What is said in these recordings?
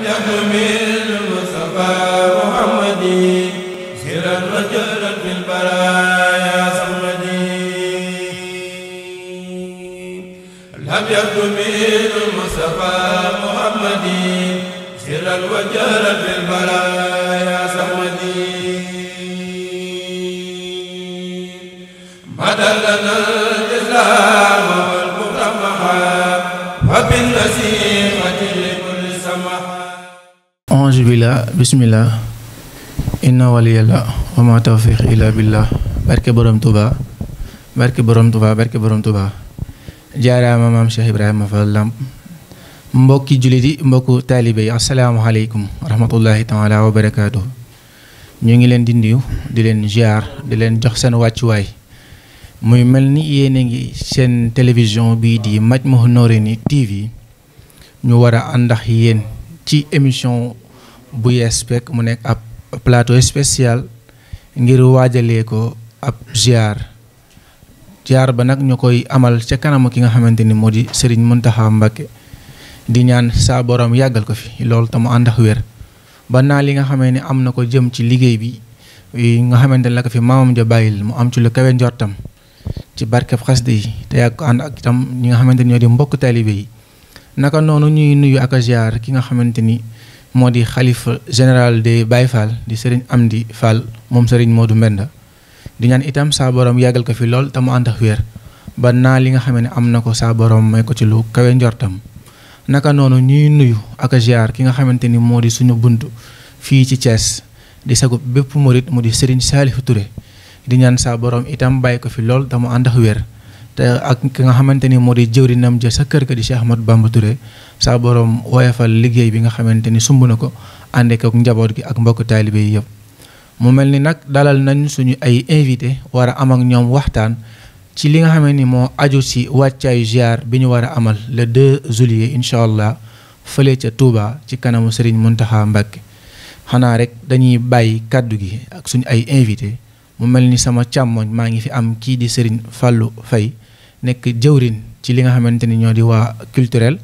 badal lana auzu billah bismillah inna waliyallah wa ma tawfiq illa billah barke borom tuba barke borom tuba barke borom tuba jaaraama maam Cheikh Ibrahima Fall Lamp mbokki jullit yi mbokku taalibe yi asalaamaaleykum wa rahmatullahi taala wa ñu ngi leen di nuyu di leen ziar di leen jox seen wàccuwaay muy mel ni yéen ngi seen télévision bii di Majmahun Nurayni TV ñu war a àndax yéen ci émission bu yees pek mu nekk ab plateau spécial ngir waajalee ko ab ziar ziar ba nag ñu koy amal ca kanamu ki nga xamante ni moo di Serigne taxa Mbacké di ñaan saa yàggal ko fi loolu te mu ànd ak wér ba naa li nga xamee ne am na ko jëm ci liggéey bi nga xamante ne la ko fi maamam ja bàyyil mu am ci lu kawe njortam ci barkeb xasde yi te yàgg ko ànd ak itam ñi nga xamante ni ñoo di mbokk taalibe yi naka noonu ñuy nuyu ak ziar ki nga xamante ni. moo di xalifa général de Baye Fall di sëriñ di Fall moom sëriñ Modou Mbenda di ñaan itam saa borom yàggal ko fi lool te mu ànd ak wér ba naa li nga xam ne am na ko saa borom may ko ci lu kawe naka noonu ñuy nuyu ak ziar ki nga xamante ni moo di suñu bunt fii ci Thiès di sagub bépp murit mu di sëriñ Salif ture di ñaan saa borom itam bàyyi ko fi lool te mu ànd ak wér te ak ki nga xamante ni moo di jëwrinam ja sa kër ga di Cheikh Ahmad Bamba ture saa borom woyofal liggéey bi nga xamante ni sumb na ko ànd ak njaboot gi ak mbokk taalibe yi yëpp. mu mel ni nag dalal nañ suñu ay invité war a am ak ñoom waxtaan ci li nga xamante ni moo aju si wàccaayu ziar bi ñu war a amal le 2 juillet incha allah fële ca Touba ci kanamu Serigne Mountakha Mbacké xanaa rek dañuy bàyyi kàddu gi ak suñu ay invité mu mel ni sama càmmoñ maa ngi fi am kii di Serigne Fallou Faye nekk jëwrin ci li nga xamante ni ñoo di waa culturel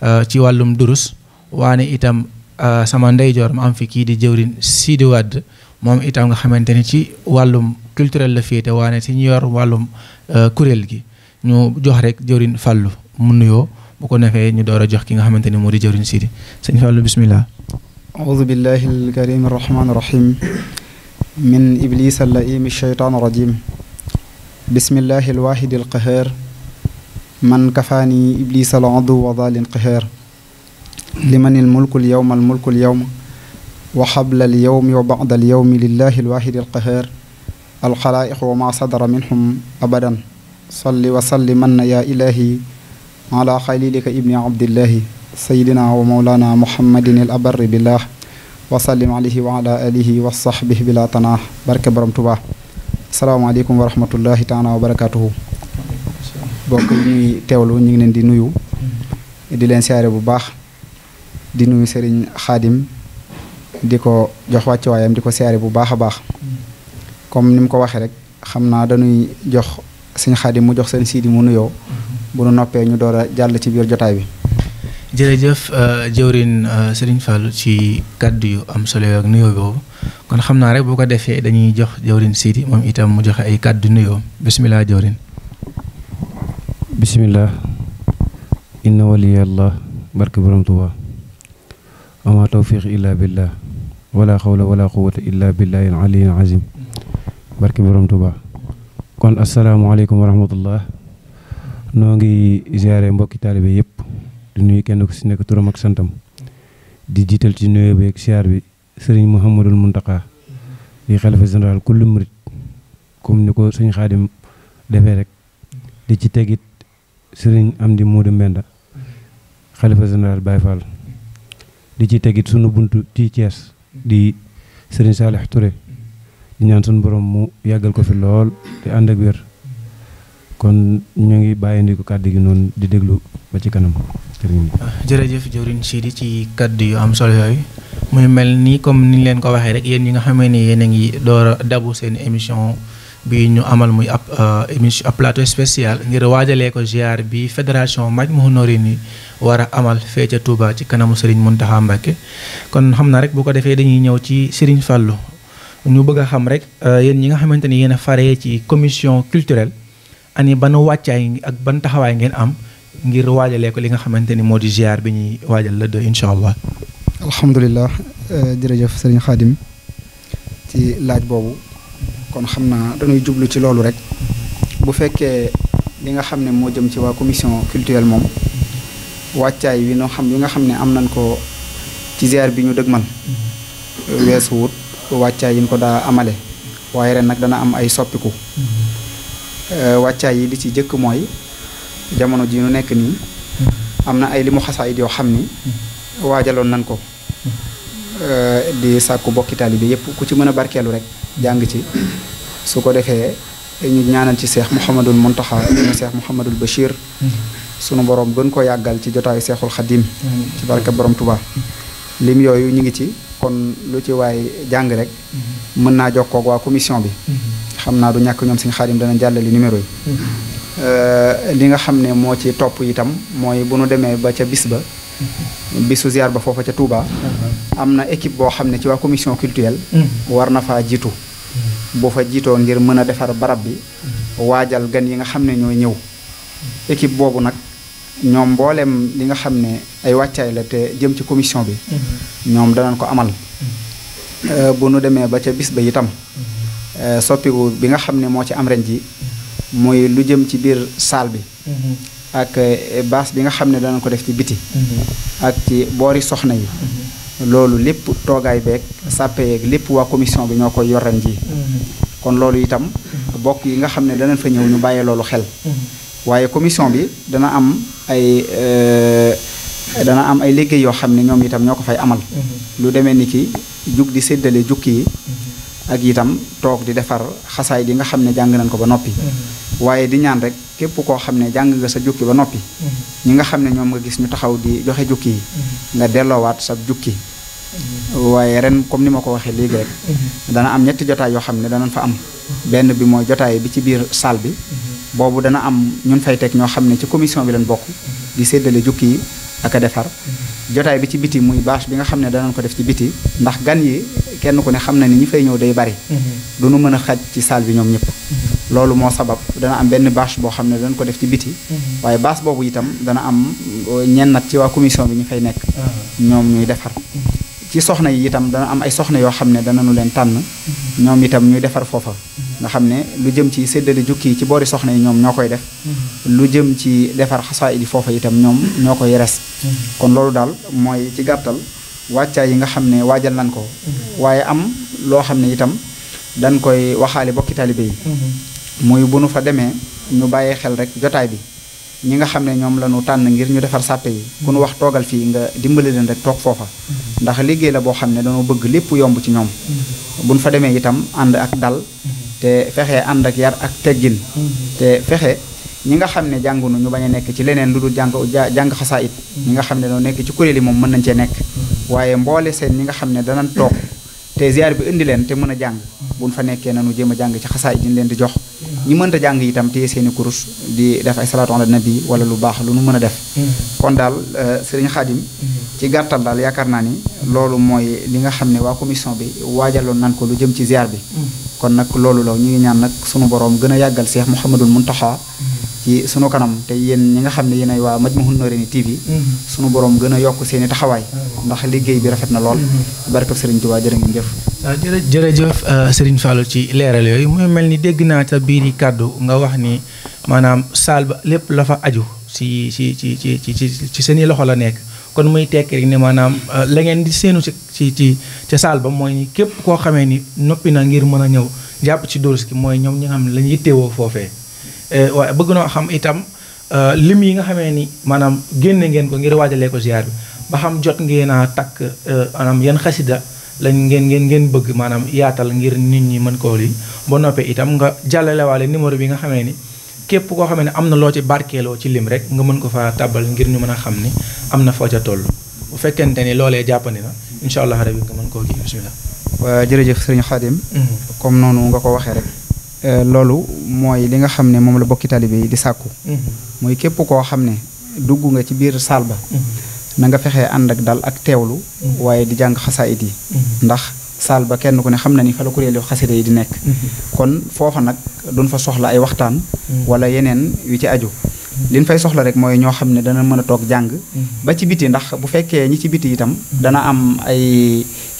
Euh, ci wàllum durus waane itam euh, sama ndeyjoor ma am fi kii di jëwrin Sidi Wade moom itam nga xamante ni ci wàllum culturel la féete waane si ñu yor wàllum euh, kuréel gi ñu jox rek jëwrin fàllu mu nuyoo bu ko nefee ñu door a jox ki nga xamante ni moo di jëwrin Sidi sëñ fàllu bismillah أعوذ بالله الكريم الرحمن الرحيم من إبليس اللئيم الشيطان الرجيم بسم الله الواحد القهار man kafaani ibliis al aduwa daalin qixeer liman il mulku al yowma al mulku al yowma wa xabla al yowmi wa bacda al yowmi lillahi al waahidi al qixeer al xalaaiq wa maa sadara minhum abadan salli wa salli man yaa ilaahi ala xalilika ibni abdillahi sayidina wa mawlana muhammadin al abarri billah wa sallim alayhi wa ala alihi wa sahbihi bila tanaax barke borom tubaa asalaamaaleykum wa rahmatullahi taala wa barakatuhu bokk ñuy teewlu ñu ngi leen di nuyu di leen siyaare bu baax di nuyu Serigne xaadim di ko jox wàcc waayam di ko seere bu baax a baax comme ni mu ko waxee rek xam naa dañuy jox sëñ Khadim mu jox seen siidi mu nuyoo bu nu noppee ñu door a jàll ci biir jotaay bi. jërëjëf euh, jëwrin euh, Serigne Fallou ci kàddu yu am solo ak nuyoo boobu kon xam naa rek boo ko defee dañuy jox jëwrin siidi moom itam mu joxe ay kàddu nuyoo bisimilah jëwrin bisimilah inna waliyallah barke borom Tuuba ama tawfiq illa billah wala xawla wala quwata illa billahi al aliyyil azim barke borom Tuuba kon asalaamaaleykum wa rahmatullah noo ngi ziare mbokki taalibe yëpp di nuyu kenn ku si nekk turam ak santam di jiital ci nuyoo bi ak siyaar bi sëriñ Mouhamadul Mountakha di xalifa général kullu murit comme ni ko sëñ Xaadim defee rek di ci tegit sëriñ Amdi Moodu Mbenda xalifa général Baye Fall di ci tegit sunu buntu ci Thiès di sëriñ Saalix Touré di ñaan sunu borom mu yàggal ko fi lool te ànd ak kon ñu ngi bàyyindi ko kàddu gi noonu di déglu ba ci kanam ah, jërëjëf jëwriñ Sidi ci kàddu yu am solo yooyu muy mel nii comme ni leen ko waxee rek yéen ñi nga xamee ne yéen a ngi door a dabu seen émission bi ñu amal muy ab euh, émission ab plateau spécial ngir waajalee ko ziar bi fédération Majmahun Nurayni war a amal fee ca Touba ci kanamu Serigne Mountakha Mbacké kon xam naa rek boo ko defee dañuy ñëw ci Serigne Fallou ñu bëgg a xam rek euh, yéen ñi nga xamante ni yéen a ci commission culturelle ani ban wàccaay ak ban taxawaay ngeen am ngir waajalee ko li nga xamante ni moo di ziar bi ñuy waajal la de incha allah. alhamdulilah euh, jërëjëf Serigne Khadim ci laaj boobu. kon xam naa dañuy jublu ci loolu rek bu fekkee li nga xam ne moo jëm ci waa commission culturelle moom wàccaay wi noo xam yi nga xam ne am nañ ko ci ziar bi ñu dëgmal weesu wut wàccaay yi ñu ko daa amale waaye rek nag dana am ay soppiku euh, wàccaay yi li ci jëkk mooy jamono ji ñu nekk nii am na ay li mu xasaayit xam ni waajaloon nañ ko euh, di sàkku bokki taalibe yépp ku ci mën a barkeelu rek jàng ci su ko defee ñu ñaanal ci seex Mouhamadul Mountakha ñu seex Mouhamadul Bachir sunu borom bën ko yàggal ci jotaayu seexul xadim ci barke borom Touba. lim yooyu ñu ngi ci kon lu ci waay jàng rek mën naa jokkoo ak waa commission bi xam naa du ñàkk ñoom suñu xaadim dana jàllale numéro yi mm-hmm. euh, li nga xam ne moo ci topp itam mooy bu nu demee ba ca bis ba bisu ziar ba foofa ca Touba. Uh-huh. am na équipe boo xam ne ci waa commission culturelle. Uh-huh. war na faa jiitu. Uh-huh. boo fa jiitoo ngir mën a defar barab bi. waajal gan yi nga xam ne ñooy ñëw. équipe boobu nag ñoom mbooleem li nga xam ne ay wàccaay la te jëm ci commission bi. ñoom danañ ko amal. Uh, bu nu demee ba ca bis ba itam. Uh, soppiku bi nga xam ne moo ci am ren ji. muy lu jëm ci biir salle bi. ak eh, baas bi nga xam ne dana ko def ci biti mm-hmm. ak ci boori soxna yi mm-hmm. loolu lépp toogaay beeg sàppe yeeg lépp waa commission bi ñoo ko yoran ji mm-hmm. kon loolu itam bokk yi nga xam ne danañ fa ñëw ñu bàyyee loolu xel waaye bi dana am ay eh, dana am ay liggéey yoo xam ne ñoom itam ñoo ko fay amal lu demee ni ki jug di séddale jukki yi ak itam toog di defar xasaay di nga xam ne jàng nañ ko ba noppi waaye di ñaan rek képp koo xam ne jàng nga sa jukki ba noppi mm-hmm. ñi nga xam ne ñoom nga gis ñu taxaw di joxe jukki yi mm-hmm. nga delloowaat sa jukki mm-hmm. waaye ren comme ni ma ko waxee léegi rek dana am ñetti jotaay yoo xam ne danañ fa am benn bi mooy jotaay bi ci biir salle bi boobu dana am ñun fay teg ñoo xam ne ci commission bi leen bokk di séddale jukki yi ak a defar jotaay bi ci biti muy bâche bi nga xam ne danañ ko def ci biti ndax gan yi kenn ku ne xam na ni ñi fay ñëw day bari mën a xaj ci salle bi ñoom ñëpp loolu moo sabab dana am benn bâche boo xam ne dañ ko def ci biti mhm. waaye bâche boobu itam dana am euh, ñennat ci waa commission bi ñu fay nekk mhm. ñoom ñuy defar mhm. ci soxna yi itam dana am ay soxna yoo xam ne danañu leen tànn ñoom itam ñuy defar foofa nga xam ne lu jëm ci séddale jukki yi ci boori soxna yi ñoom ñoo koy def lu jëm ci defar xasaa di itam ñoom ñoo koy res kon loolu daal mooy ci gàttal wàccaay yi nga xam ne waajal nañ ko waaye am loo xam ne itam dan koy waxaale bokki taalibe yi muy bu nu fa demee ñu bàyyee xel rek jotaay bi ñi nga xam ne ñoom la tànn ngir ñu defar sàppe yi ku nu wax toogal fii nga dimbali leen rek toog foofa mm-hmm. ndax liggéey la boo xam ne dañoo bëgg lépp yomb ci ñoom mm-hmm. bu nu fa demee itam ànd ak dal mm-hmm. te fexe ànd ak yar ak teggin te fexe ñi nga xam ne jàngunu ñu bañ a nekk ci leneen lu dul jàng jàng xasaa it ñi nga xam ne doo nekk ci kuréel yi moom mën nañ cee nekk waaye mboole seen ñi nga xam ne dana toog te ziar bi indi leen te mën a jàng buñ fa nekkee nanu jéem a jàng ci xasaa it ñu leen di jox ñi mënta jàng itam téye seeni kurus di def ay salaatu ala nabi wala lu baax lu nu mën a def mm-hmm. kon daal euh, sëriñ Xaadim mm-hmm. ci gàttal daal yaakaar naa ni loolu mooy li nga xam ne waa commission bi waajaloon nan ko lu jëm ci ziar bi mm-hmm. kon nag loolu la ñu ngi ñaan nag sunu borom gën a yàggal Seex Muhammadul Muntaxa ci sunu kanam te yéen ñi nga xam ne yéen ay waa ma Majmahun Nurayni TV mhm. sunu borom gën a yokk seen i taxawaay mhm. ndax liggéey bi rafet na lool mhm. barkab Serigne Touba jërë ngeen jëf waaw ah, jërë jërëjëf euh, Serigne Fallou ci leeral yooyu muy mel ni dégg naa ca biir yi kàddu nga wax ni maanaam saal ba lépp la fa aju si ci ci ci ci ci seen i loxo la nekk kon muy tekk rek ni maanaam euh, la ngeen di seenu ci ci ci ca saal ba mooy ni képp koo xamee ni noppi na ngir mën a ñëw jàpp ci dóorus ki mooy ñoom ñu nga xam ne lañ yittewoo foofee Eh, waaye bëgg noo xam itam euh, lim yi nga xamee ni maanaam génne ngeen ko ngir waajalee ko ziar bi ba xam jot ngeen a takk euh, maanaam yan xasida lañ ngeen ngeen ngeen bëgg maanaam yaatal ngir nit ñi mën koo lii ba noppee itam nga waale numéro bi nga xamee ni képp koo xamee ne am na loo ci barkeeloo ci lim rek nga mën ko fa tàbbal ngir ñu mën a xam ni am na foo ca toll bu fekkente ni loolee jàppandi na incha allah rabi nga mën koo kii bisimilah. waa jërëjëf sëriñ mm-hmm. nga ko waxee rek. Euh, loolu mooy li nga xam ne moom la bokki taalibe yi di sàkku mm-hmm. mooy képp koo xam ne dugg nga ci biir saal ba mm-hmm. na nga fexee ànd ak dal ak teewlu mm-hmm. waaye di jàng xasaayit yi ndax saal ba kenn ku ne xam na ni fa la kuréelu xasida yi di nekk kon foofa nag duñ fa soxla ay waxtaan wala yeneen yu ci aju liñ fay soxla rek mooy ñoo xam ne dana mën a toog jàng ba ci biti ndax bu fekkee ñi ci biti itam dana am ay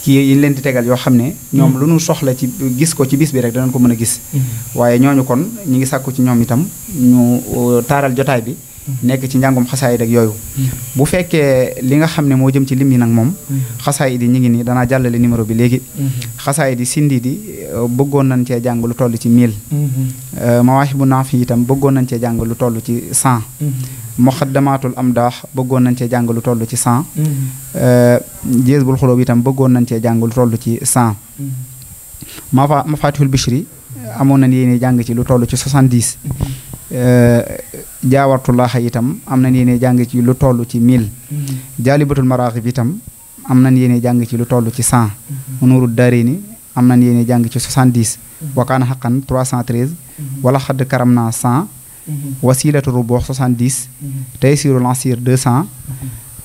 kii yi leen di tegal yoo xam ne ñoom mm. lu ñu soxla ci gis ko ci bis bi rek danañ ko mën a gis mm. waaye ñooñu kon ñu ngi sàkku ci ñoom itam ñu uh, taaral jotaay bi nekk ci njàngum xasaayid ak yooyu mm-hmm. bu fekkee li nga xam ne moo jëm ci lim yi nag moom mm-hmm. xasaayid yi ñu ngi nii danaa jàllale numéro bi léegi mm-hmm. xasaayid yi sindi di euh, bëggoon nañ cee jàng lu toll ci mille euh, mawaahibu naafi itam bëggoon nañ cee jàng lu toll ci cent muqaddamatul amdaax bëggoon nañ cee jàng lu toll ci cent euh, jeesbul xulóob itam bëggoon nañ cee jàng lu toll ci cent mafa mafatihul bishri amoon nañ yéene jàng ci lu toll ci soixante-dix Eh, jaawartu laaxa itam am nañ yéene jàng ci lu toll ci mille mm-hmm. jaalibatul maraaxib itam am nañ yéene jàng ci lu toll ci cent mm-hmm. nuuru daarini am nañ yéene jàng ci soixante-dix mm-hmm. wakaana xaqan trois cent treize wala xadd karam naa cent wasilatu rubuux soixante-dix taysirul ansir deux cent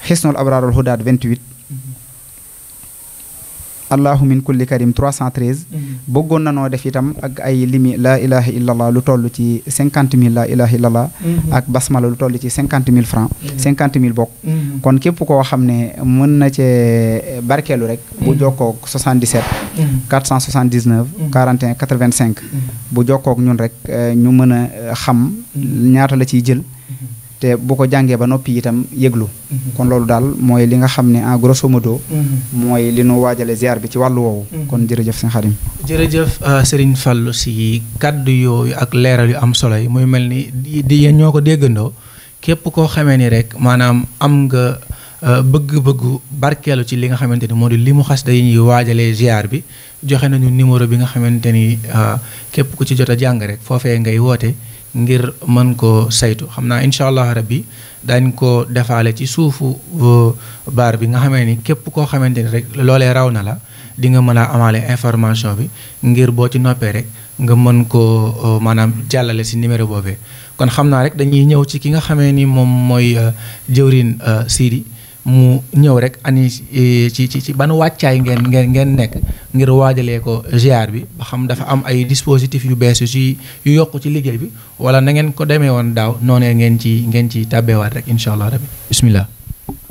xisnul abraarul hudaat vingt-huit allahu min kulli karim 313 mhm. bëggoon na noo def itam ak ay limi laa ilaha illallah lu toll ci cinquante mille laa ilaha illallah mhm. ak basmala lu toll ci cinquante mille francs mhm. cinquante bokk kon képp koo xam ne mën na cee barkeelu rek bu jokkook 77 479 41 85 bu jokkook ñun rek euh, ñu mën a euh, xam ñaata la ci jël te bu ko jàngee ba noppi itam yëglu mhm. kon loolu daal mooy li nga xam ne en grosso modo mhm. mooy li nu waajale ziar bi ci wàllu woowu mhm. kon jërëjëf sëñ Xadim jërëjëf euh, Serigne Fallou si kàddu yooyu ak leeral yu am solo yi muy mel ni di yéen ñoo ko déggandoo képp koo xamee ni rek maanaam am nga euh, bëgg-bëggu barkeelu ci li nga xamante ni moo di li mu xas dañuy waajalee ziar bi joxe nañu numéro bi nga xamante ni euh, képp ku ci jot a jàng rek foofee ngay woote ngir mën ko saytu xam naa incha allah rabbi dañ ko defaale ci suufu euh, baar bi nga xamee ni képp koo xamante ni rek loolee raw na la di nga mën a amaale information bi ngir boo ci noppee rek nga mën ko euh, maanaam jàllale si numéro boobee kon xam naa rek dañuy ñëw ci ki nga xamee ni moom mooy euh, jëwrin Sidi mu ñëw rek ani e, ci ci ci ban wàccaay ngeen ngeen ngeen nekk ngir waajalee ko ziar bi ba xam dafa am ay dispositifs yu bees yu si yu yokk ci liggéey bi wala na ngeen ko demee woon daaw noonee ngeen ci ngeen ci tàbbeewaat rek incha allah rabbi bismillah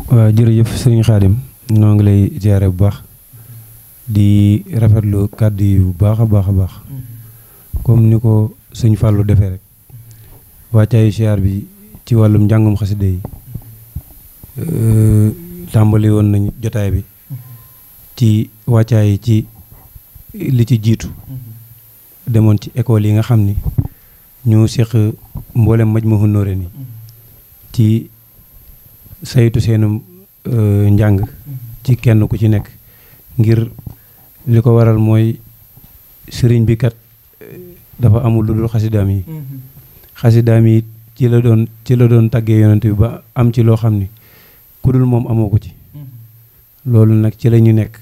waaw jërëjëf sëriñ Xaadim noo ngi lay ziare bu baax di rafetlu kàddu yi bu baax a baax a baax comme ni ko suñu fàllu defee rek wàccaayu ziar bi ci wàllum njàngum xasida yi Euh, tàmbali woon nañ jotaay bi ci wàccaay ci li ci jiitu demoon ci école yi nga xam ni ñu seq mboolem Majmahun Nurayni ci saytu seenum euh, njàng ci kenn ku ci nekk ngir li ko waral mooy sëriñ bi kat euh, dafa amul lu dul xasidaam yi mm-hmm. xasidaam yi ci la doon ci la doon tàggee yonent bi ba am ci loo xam ni ku dul moom amoo ko ci mm-hmm. loolu nag ci la ñu nekk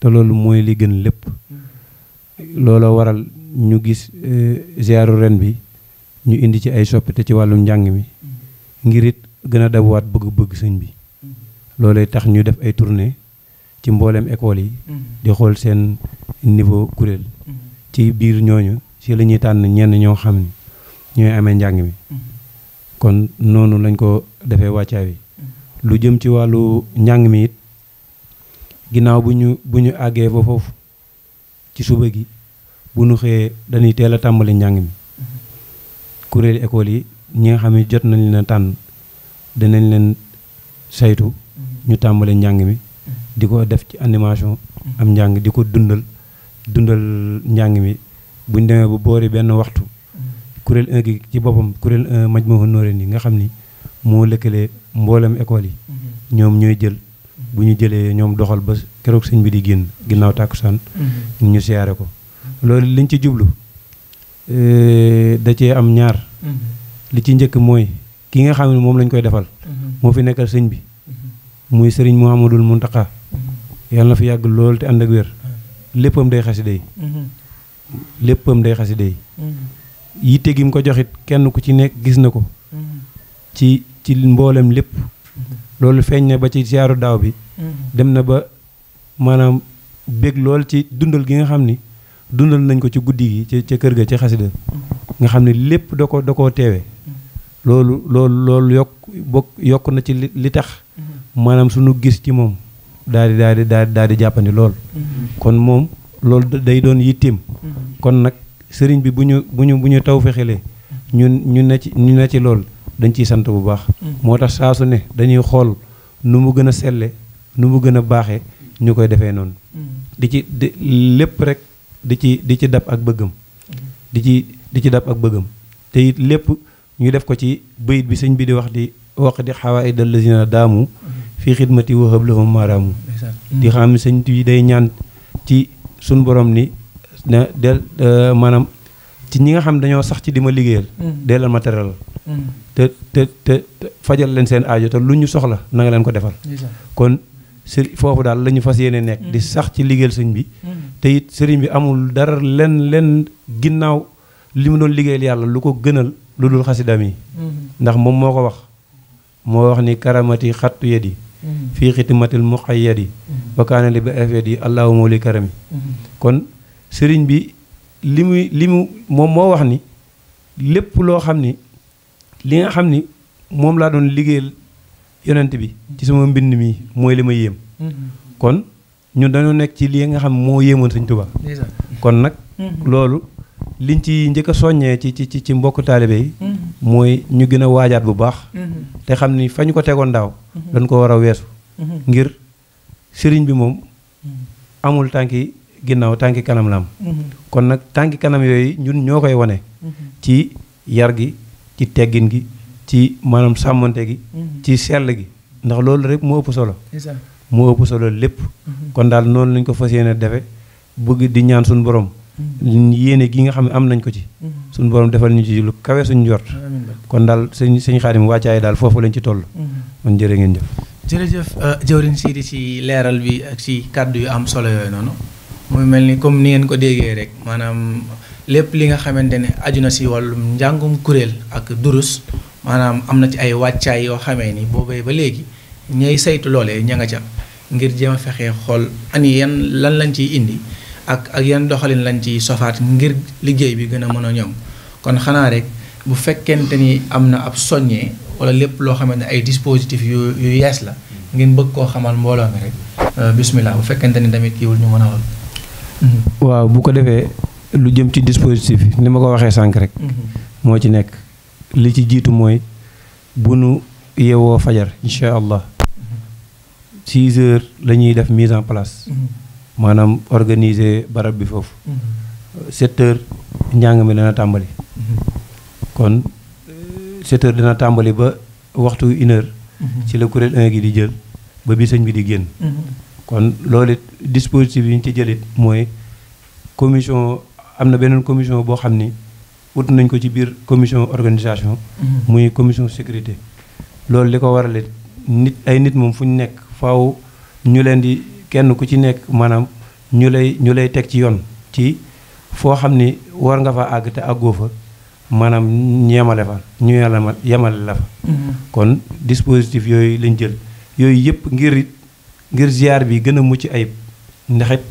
te loolu mooy li gën lépp mm-hmm. looloo waral ñu gis eh, ziaru ren bi ñu indi ci ay soppite ci wàllum njàng mi mm-hmm. ngir it gën a dabuwaat bëgg-bëgg sëñ bi loolay tax ñu def ay tournée ci mbooleem école yi di xool seen niveau kuréel ci biir ñooñu ci la ñuy tànn ñenn ñoo xam ni ñooy amee njàng mi kon noonu lañ ko defee wàccaa bi lu jëm ci wàllu njàng mi it ginnaaw bu ñu bu ñu àggee ba foofu ci suba gi bu ñu xëyee dañuy teel a tàmbali njàng mi kuréeli école yi ñi nga xam ne jot nañ leen tànn danañ leen saytu ñu tàmbali njàng mi di ko def ci animation am njàng di ko dundal dundal njàng mi buñ demee bu boori benn waxtu kuréel ci boppam kuréel 1 maj ma fa yi nga xam ni moo lëkkalee mboolem école yi mhm. ñoom ñooy jël mhm. bu ñu jëlee ñoom doxal ba keroog sëñ bi di génn ginnaaw tàkkusaan mhm. ñu siyaare ko loolu liñ ci jublu e, da cee am ñaar li ci njëkk mooy ki nga xam moom lañ koy defal moo fi nekkal sëñ bi muy sëriñ mu Mouhamadul Mountakha yàlla na fi yàgg lool te ànd ak wér léppam day xasida yi léppam day xasida yi yitte gi mu ko joxit kenn ku ci nekk gis na ko ci ci mboolem lépp loolu feeñ na ba ci siyaaru daaw bi mm-hmm. dem na ba maanaam bég lool ci dundal gi nga xam ni dundal nañ ko ci guddi gi ca kër ga ci xasida mm-hmm. nga xam ne lépp da ko da koo teewe mm-hmm. loolu lool loolu yokk bokk yokk na ci li tax maanaam sunu gis ci moom daal di daal di daal di jàppandi lool kon moom loolu day doon yittim kon nag sëriñ bi bu ñu bu ñu bu ñu taw fexelee ñun ñu ne ci ñu ne ci lool dañ ciy sant bu baax mm. moo tax saa ne dañuy xool nu mu gën a selle nu mu gën a baaxee ñu koy defee noonu mm. di ci di lépp rek di ci di ci dab ak bëggam mm. di ci di ci dab ak bëggam te it lépp ñu def ko ci bayit bi sëñ bi di wax di wax di xawaaid allazina daamu fii xidmati wahab lahum maaraamu di xam sëñ bi day ñaan ci suñ boroom ni na euh, maanaam ci ñi nga xam dañoo sax ci di ma liggéeyal deelal ma te te te fajal leen seen aajo te lu ñu soxla na leen ko defal kon sëri foofu daal la ñu fas yéene nekk di mm. sax ci liggéeyal sëñ bi mm. te it bi amul dara len len ginnaaw li mu doon liggéeyal yàlla lu ko gënal lu dul xasidam mm-hmm. ndax moom moo ko wax wax ni karamati xattu yadi mm-hmm. fii xitimatil muqayyadi mm-hmm. wa kaana li ba afet yi allahuma kon sëriñ bi li muy li mu moom moo wax ni lépp loo xam ni li nga xam ni moom laa doon liggéeyal yonent bi ci sama mbind mi mooy li ma yéem mm-hmm. kon ñun dañoo nekk ci li nga xam moo yéemoon Sëñ Tuubaa kon nag mm-hmm. loolu liñ ci njëkk a soññee ci ci ci mbokk taalibe yi mm-hmm. mooy ñu gën a waajaat bu baax xam ni fa ñu ko tegoon ndaw dañ ko war a weesu ngir sëriñ bi moom amul tànki ginnaaw tànki kanam la am kon nag tànki kanam yooyu ñun ñoo koy wane ci yar gi ci teggin gi ci maanaam sàmmante gi mhm. ci sell gi ndax loolu rek moo ëpp solo moo ëpp solo lépp mhm. kon daal noonu lañ ko fas yéene defe bëgg di ñaan suñu borom mhm. yéene gi nga xam ne am nañ ko ci suñu borom defal ñu ci lu kawe suñu jort kon daal sëñ sëñ Xaadim wàccaay daal foofu lañ ci toll man jërë ngeen jëf jërëjëf euh, jëwriñ Sidi ci leeral bi ak ci kàddu yu am solo yooyu noonu muy mel ni comme ni ngeen ko déggee rek lépp li nga xamante ne aju na si wàllum njàngum kuréel ak durus maanaam am na ci ay wàccaay yoo xamee ni boobee ba léegi ñay saytu loolee ña nga ca ngir jéem a fexe xool ani yan lan lañ ciy indi ak ak yan doxalin lañ ciy sofaat ngir liggéey bi gën a mën a ñoom kon xanaa rek bu fekkente ni am na ab soññee wala lépp loo xamante ne ay dispositifs yu yu yees la ngeen bëgg koo xamal mbooloo mi rek euh, bismillah bu fekkente ni tamit kiiwul ñu mën a wal waaw bu ko defee lu jëm ci dispositif yi ni ma ko waxee sànq rek. Mhm. moo ci nekk li ci jiitu mooy bu nu yeewoo fajar incha allah 6 mhm. heures la ñuy def mise en place. Mhm. maanaam organiser barab bi foofu. 7 njàng mi dana tàmbali. kon 7 dana tàmbali ba waxtu une ci la kuréel 1 di jël ba bi sëñ bi di génn. kon loolu it dispositif yi ñu ci jëlit mooy commission. am na beneen commission boo xam ni ut nañ ko ci biir commission organisation. Mm-hmm. muy commission sécurité. loolu li ko warale nit ay nit moom fu ñu nekk faaw ñu leen di kenn ku ci nekk maanaam ñu lay ñu lay teg ci yoon. ci foo xam ni war nga fa àgg te àggoo fa maanaam ñu yemale fa ñu yemale la fa. Mm-hmm. kon dispositif yooyu lañ jël. yooyu yëpp ngir ngir ziar bi gën a mucc ayib ndaxit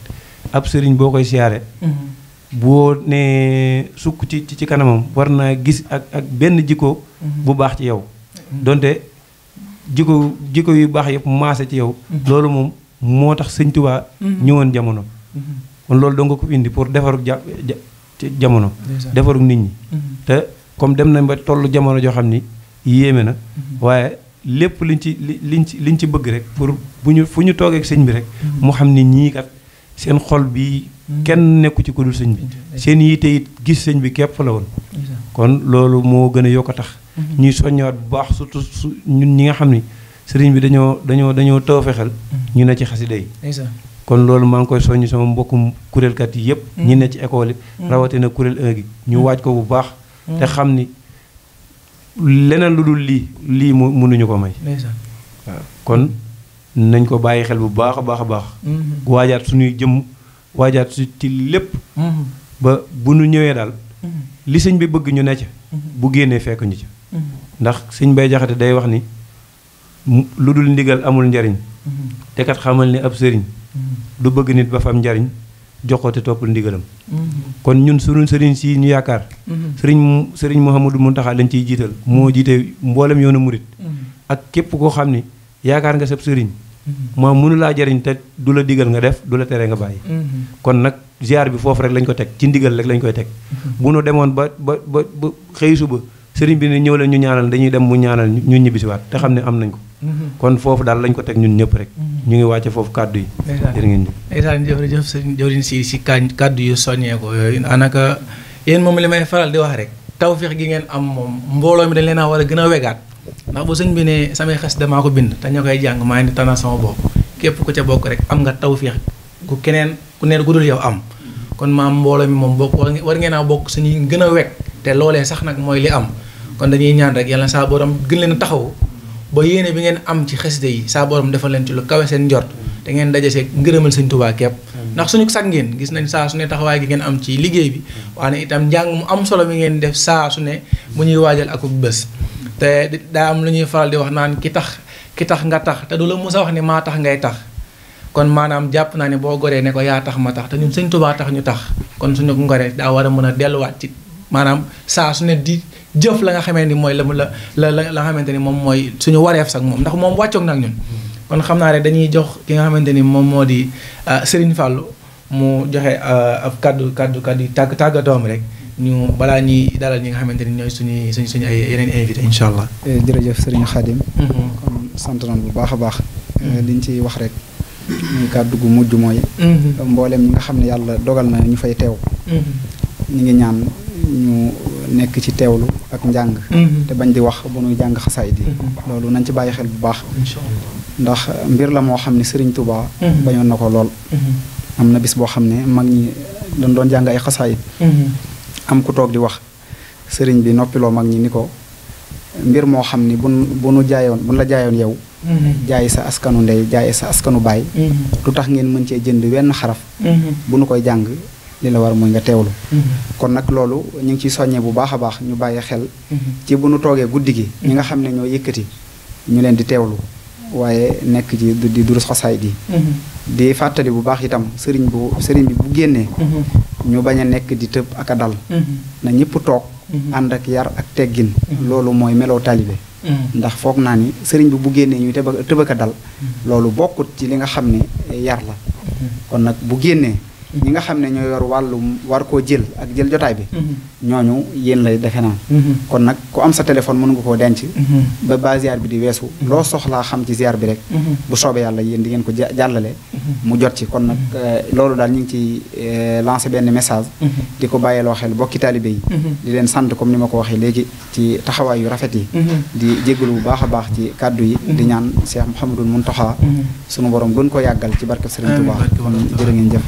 ab sëriñ boo koy siyaare. Mm-hmm. boo nee sukk ci ci kanamam war naa gis ak ak benn jikko mhm. bu baax ci yow mhm. donte jikko jikko yu baax yëpp maase ci yow mhm. loolu moom moo tax sëñ Tuubaa ñëwoon jamono kon loolu doo nga ko indi pour defarug ja jamono defarug nit ñi te comme dem nañ ba tollu jamono joo xam ni yéeme na waaye lépp liñ ci liñ ci liñ ci bëgg rek pour bu ñu fu ñu toogeek sëñ bi rek mu xam ni ñii kat seen xol bii kenn nekku ci ku dul sëñ bi seen yitte it gis sëñ bi képp la woon kon loolu moo gën a yokk a tax mhm. ñuy soññaat bu baax surtout su ñun ñi nga xam ni sëriñ bi dañoo dañoo dañoo tawféexal mhm. ñu ne ci xasida yi kon loolu maa ngi koy soññ sama mbokkum kuréelkat yi yëpp ñi mhm. ne ci école yi rawatina kuréel 1 gi ñu waaj ko bu baax te xam ni leneen lu dul lii lii mu mënuñu ko may kon nañ ko bàyyi xel bu baax a baax a waajaat suñuy jëmm waajaat su ci lépp. Mm-hmm. ba bu nu ñëwee daal. Mm-hmm. li sëñ bi bëgg ñu ne ca. Mm-hmm. bu génnee fekk ñu ca. ndax sëñ bay jaxate day wax ni lu dul ndigal amul njariñ. te kat xamal ni ab sëriñ. du bëgg nit ba fa njariñ jox ko te toppul ndigalam. kon ñun sunu sëriñ si ñu yaakaar. sëriñ sëriñ Mouhamadou Mountakha lañ ciy jiital moo jiite mboolem yoonu murit. ak képp koo xam ni yaakaar nga sab sëriñ. moo mënu laa jariñ te du la digal nga def du la tere nga bàyyi mm-hmm. kon nag ziar bi foofu rek lañ ko teg ci ndigal rek lañ koy teg mm-hmm. bu nu demoon ba ba ba ba xëy suba sëriñ bi ne ñëw leen ñu ñaanal dañuy dem mu ñaanal ñu ñibbisiwaat te xam ne am nañ ko mm-hmm. kon foofu daal lañ ko teg ñun ñëpp rek ñu ngi wàcce foofu kàddu yi jërë si si kàddu yu soññee ko yooyu anaka yéen moom li may faral di wax rek tawfeex gi ngeen am moom mbooloo mi dañ leen a war a gën a wegaat ndax bu sëñ bi ne samay xas damaa ko bind te ñoo koy jàng maa ngi tànnal sama bopp képp ko ca bokk rek am nga tawféex ku keneen ku neen ku dul yow am kon maam mbooloo mi moom bokk war ngeen a bokk suñuy gën a wekk te loolee sax nag mooy li am kon dañuy ñaan rek yàlla saa borom gën leen a taxaw ba yéene bi ngeen am ci xeste yi saa borom defal leen ci lu kawe seen njort te ngeen dajasee ngërëmal sëñ Tuubaa kepp ndax suñu sag ngeen gis nañ saa su ne taxawaay gi ngeen am ci liggéey bi waaye itam njàng mu am solo mi ngeen def saa ne mu ñuy waajal akub bés te daa am lu ñuy faral wax naan ki tax ki tax nga tax te du la musa wax ne maa tax ngay tax kon maanaam jàpp naa ne boo goree ne ko yaa tax ma tax te ñun sëñ Tuubaa tax ñu tax kon suñu ngoree daa war a mën a delluwaat ci maanaam saa su ne di jëf la nga xamee ni mooy la mu la la la nga xamante ni moom mooy suñu wareef sax moom ndax moom wàccoog nag ñun kon xam naa rek dañuy jox ki nga xamante ni moom moo di ah, Serigne Fallou mu joxe ah, ab kaddu kaddu kaddu tàgg tàggatoom rek ñu balaa ñuy dalal ñi nga xamante ni ñooy suñuy suñ suñu ay yeneen invité incha allah. Eh, jërëjëf Serigne Khadim. Mm-hmm. kon sant nañu bu baax a baax. Eh, mm-hmm. liñ ci wax rek. muy kàddu gu mujj mooy. Mm-hmm. mboolem ñi nga xam ne yàlla dogal na ñu fa teew. ñu ñu nekk ci teewlu ak njàng mhm. te bañ di wax bu nuy jàng xasaay di mhm. loolu nañ ci bàyyi xel bu baax ndax mbir la moo xam ne Sëriñ Tuubaa mhm. bañoon na ko lool am na bis boo xam ne mag ñi dañ doon jàng ay xasaayit am ku toog di wax sëriñ bi noppiloo mag ñi ni ko mbir moo xam ni bu nu jaayoon bu nu la jaayoon yow jaay sa askanu ndey jaay sa askanu baay lu tax ngeen mën cee jënd wenn xaraf bu nu koy jàng li la war mooy nga teewlu. Mhm. kon nag loolu ñu ngi ciy soññee bu baax a baax ñu bàyyi xel. Mhm. ci bu nu toogee guddi gi. ñi mhm. nga xam ne ñoo yëkkati ñu leen di teewlu waaye nekk ci du durus xasaay di. di fàttali bu baax itam sëriñ bu sëriñ bi bu génnee. ñu bañ a nekk di tëb ak a dal. na ñëpp toog. ànd ak yar ak teggin. loolu mooy meloo taalibe. ndax foog naa ni sëriñ bi bu génnee ñuy tëb ak a dal. loolu bokkut ci li nga xam ne yar la. kon nag bu génnee. ñi nga xam ne ñoo yor wàllum war koo jël ak jël jotaay bi mm-hmm. ñooñu yéen lay defe naa mhm. kon nag ku am sa téléphone mën nga koo denc mhm. ba ba ziar bi di weesu mhm. loo soxlaa xam ci ziar bi rek bu soobee yàlla yéen di ngeen ko jàllale mu jot ci kon nag euh, loolu daal ñu ngi ci euh, lancé benn message di ko bàyyiloo xel bokki taalibe yi di leen sant comme ni ma ko waxee léegi ci taxawaay yu rafet yi di jégalu bu baax a baax ci kàddu yi di ñaan Cheikh Mouhamadul Mountakha sunu borom gën ko yàggal ci barkeb Serigne Touba kon jërë ngeen jëf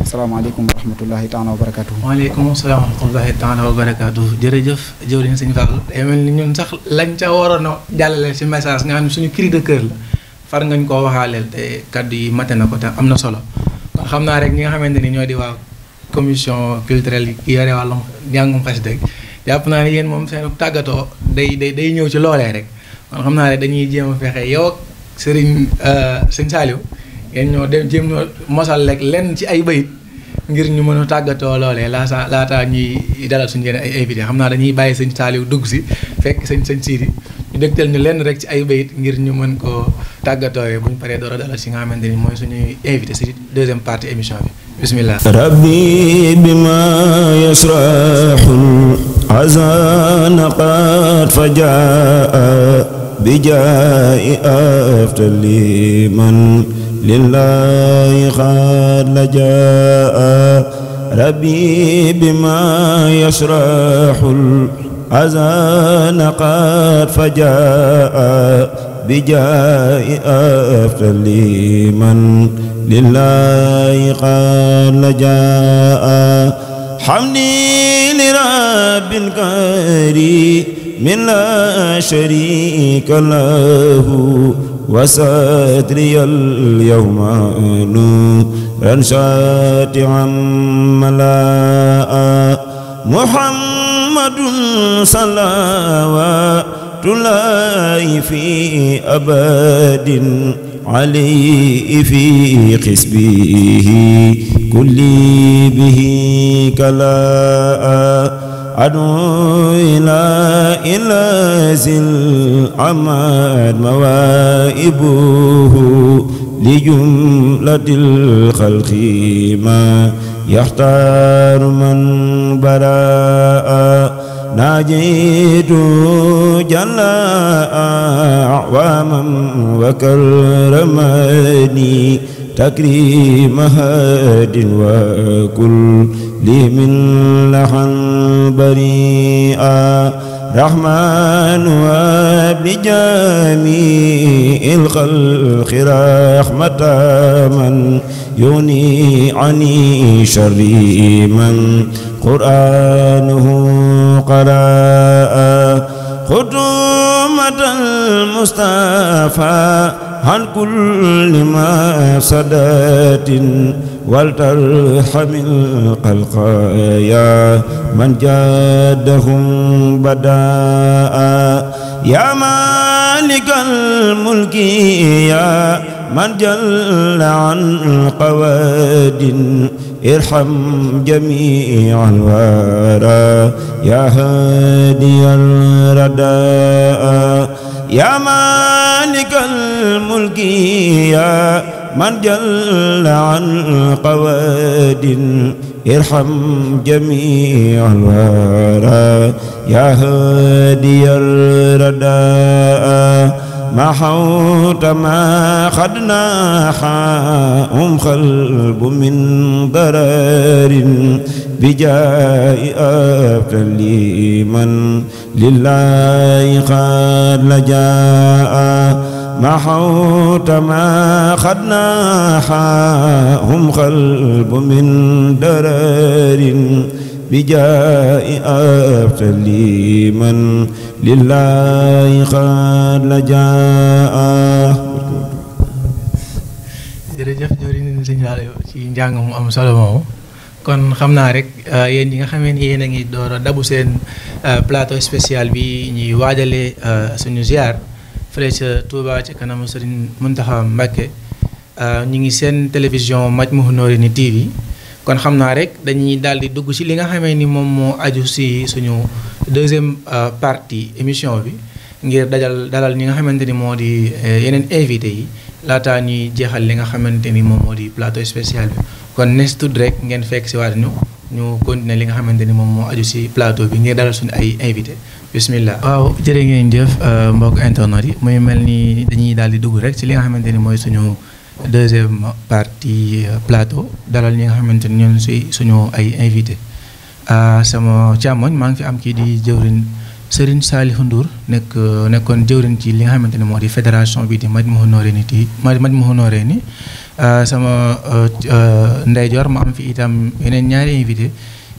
kaddu jërëjëf jëwriñ sëñ Fall day mel ni lañ ca waroon a jàllale si message nga xam ne suñu cri de cœur la far ngañ koo waxaaleel te kaddu yi mate na ko te am na solo kon xam naa rek ñi nga xamante ni ñoo di waa commission culturelle yi yore wàllum njàngum xasida jàpp naa ne yéen moom seen tàggatoo day day day ñëw ci loolee rek kon xam naa ne dañuy jéem a fexe yow ak sëriñ euh, sëñ Saliou ngeen ñoo dem jéem ñoo mosal rek lenn ci ay bayit ngir ñu mën a tàggatoo loolee laata laata ñuy dalal suñu yeneen ay invité xam naa dañuy bàyyi sëñ Saliou dugg si fekk sëñ sëñ Sidi ñu dégtal ñu lenn rek ci ay bayit ngir ñu mën ko tàggatooyee bu ñu paree door dalal si nga xamante ni mooy suñuy invité si deuxième partie émission bi bismillah rabbi bima yasrahul azana qad fajaa bijaa'i aftali man لله قد لجاء ربي بما يشرح الأذان قد فجاء بجاء أفضل من لله قد لجاء حمدي لرب كريم من لا شريك له وساتري اليوم نورا شاتعا ملاء محمد صلوات الله في أبد عليه في قسبه كل به كلاء أدعو إلى إله العماد موائبه لجملة الخلق ما يختار من براء ناجيت جلاء أعواما وكرمني تكريم هاد وكل لهم لخا بريئا رحمن وبجميع الخلق رحمة من يغني عني شري من قرآنه قراء خدمة المصطفى عن كل ما صدات ولترحم القلق يا من جادهم بداء يا مالك الملك يا من جل عن قواد ارحم جميع الورى يا هادي الرداء يا مالك الملك يا من جل عن قواد ارحم جميع الورى يا هادي الرداء ما حوت ما قد ناحاهم خلب من ضرر بجاء أبتل لمن لله قد لجاء محوت ما قد ناحاهم قلب من درر بجاء أبطل من لله قد لجاء jërëjëf ñoo di nuyu sëñ Aliou ci njàng mu am solo moomu kon xam naa rek euh, yéen ñi nga xam ne yéen a ngi door a dabu seen euh, plateau spécial bi ñuy waajalee euh, suñu ziar. fële ca Touba ci kanamu Serigne Mountakha Mbacké euh, ñu ngi seen télévision Majmahun Nurayni TV kon xam naa rek dañuy daal di dugg ci li nga xamee ni moom moo aju ci suñu deuxième euh, partie émission bi ngir dajal dalal ñi nga xamante ni moo di euh, yeneen invité yi laataa ñuy jeexal li nga xamante ni moom moo di plateau spécial bi kon nes tudd rek ngeen fekk ci waat ñu ñu continuer li nga xamante ni moom moo aju ci plateau bi ngir dalal suñu ay invité bismillah waaw jërë ngeen jëf euh, mbokk internet yi muy mel nii dañuy daal di dugg rek ci li nga xamante ni mooy suñu deuxième partie euh, plateau dalal ñi nga xamante ni ñoom si suñu ay invité sama càmmoñ maa ngi fi am kii di jëwriñ Serigne Salihou Ndour nekk euh, nekkoon jëwriñ ci li nga xamante ni moo di fédération bi di Majmahun Nurayni ti Majmahun Nurayni sama ndeyjoor ma am fi itam yeneen ñaari invité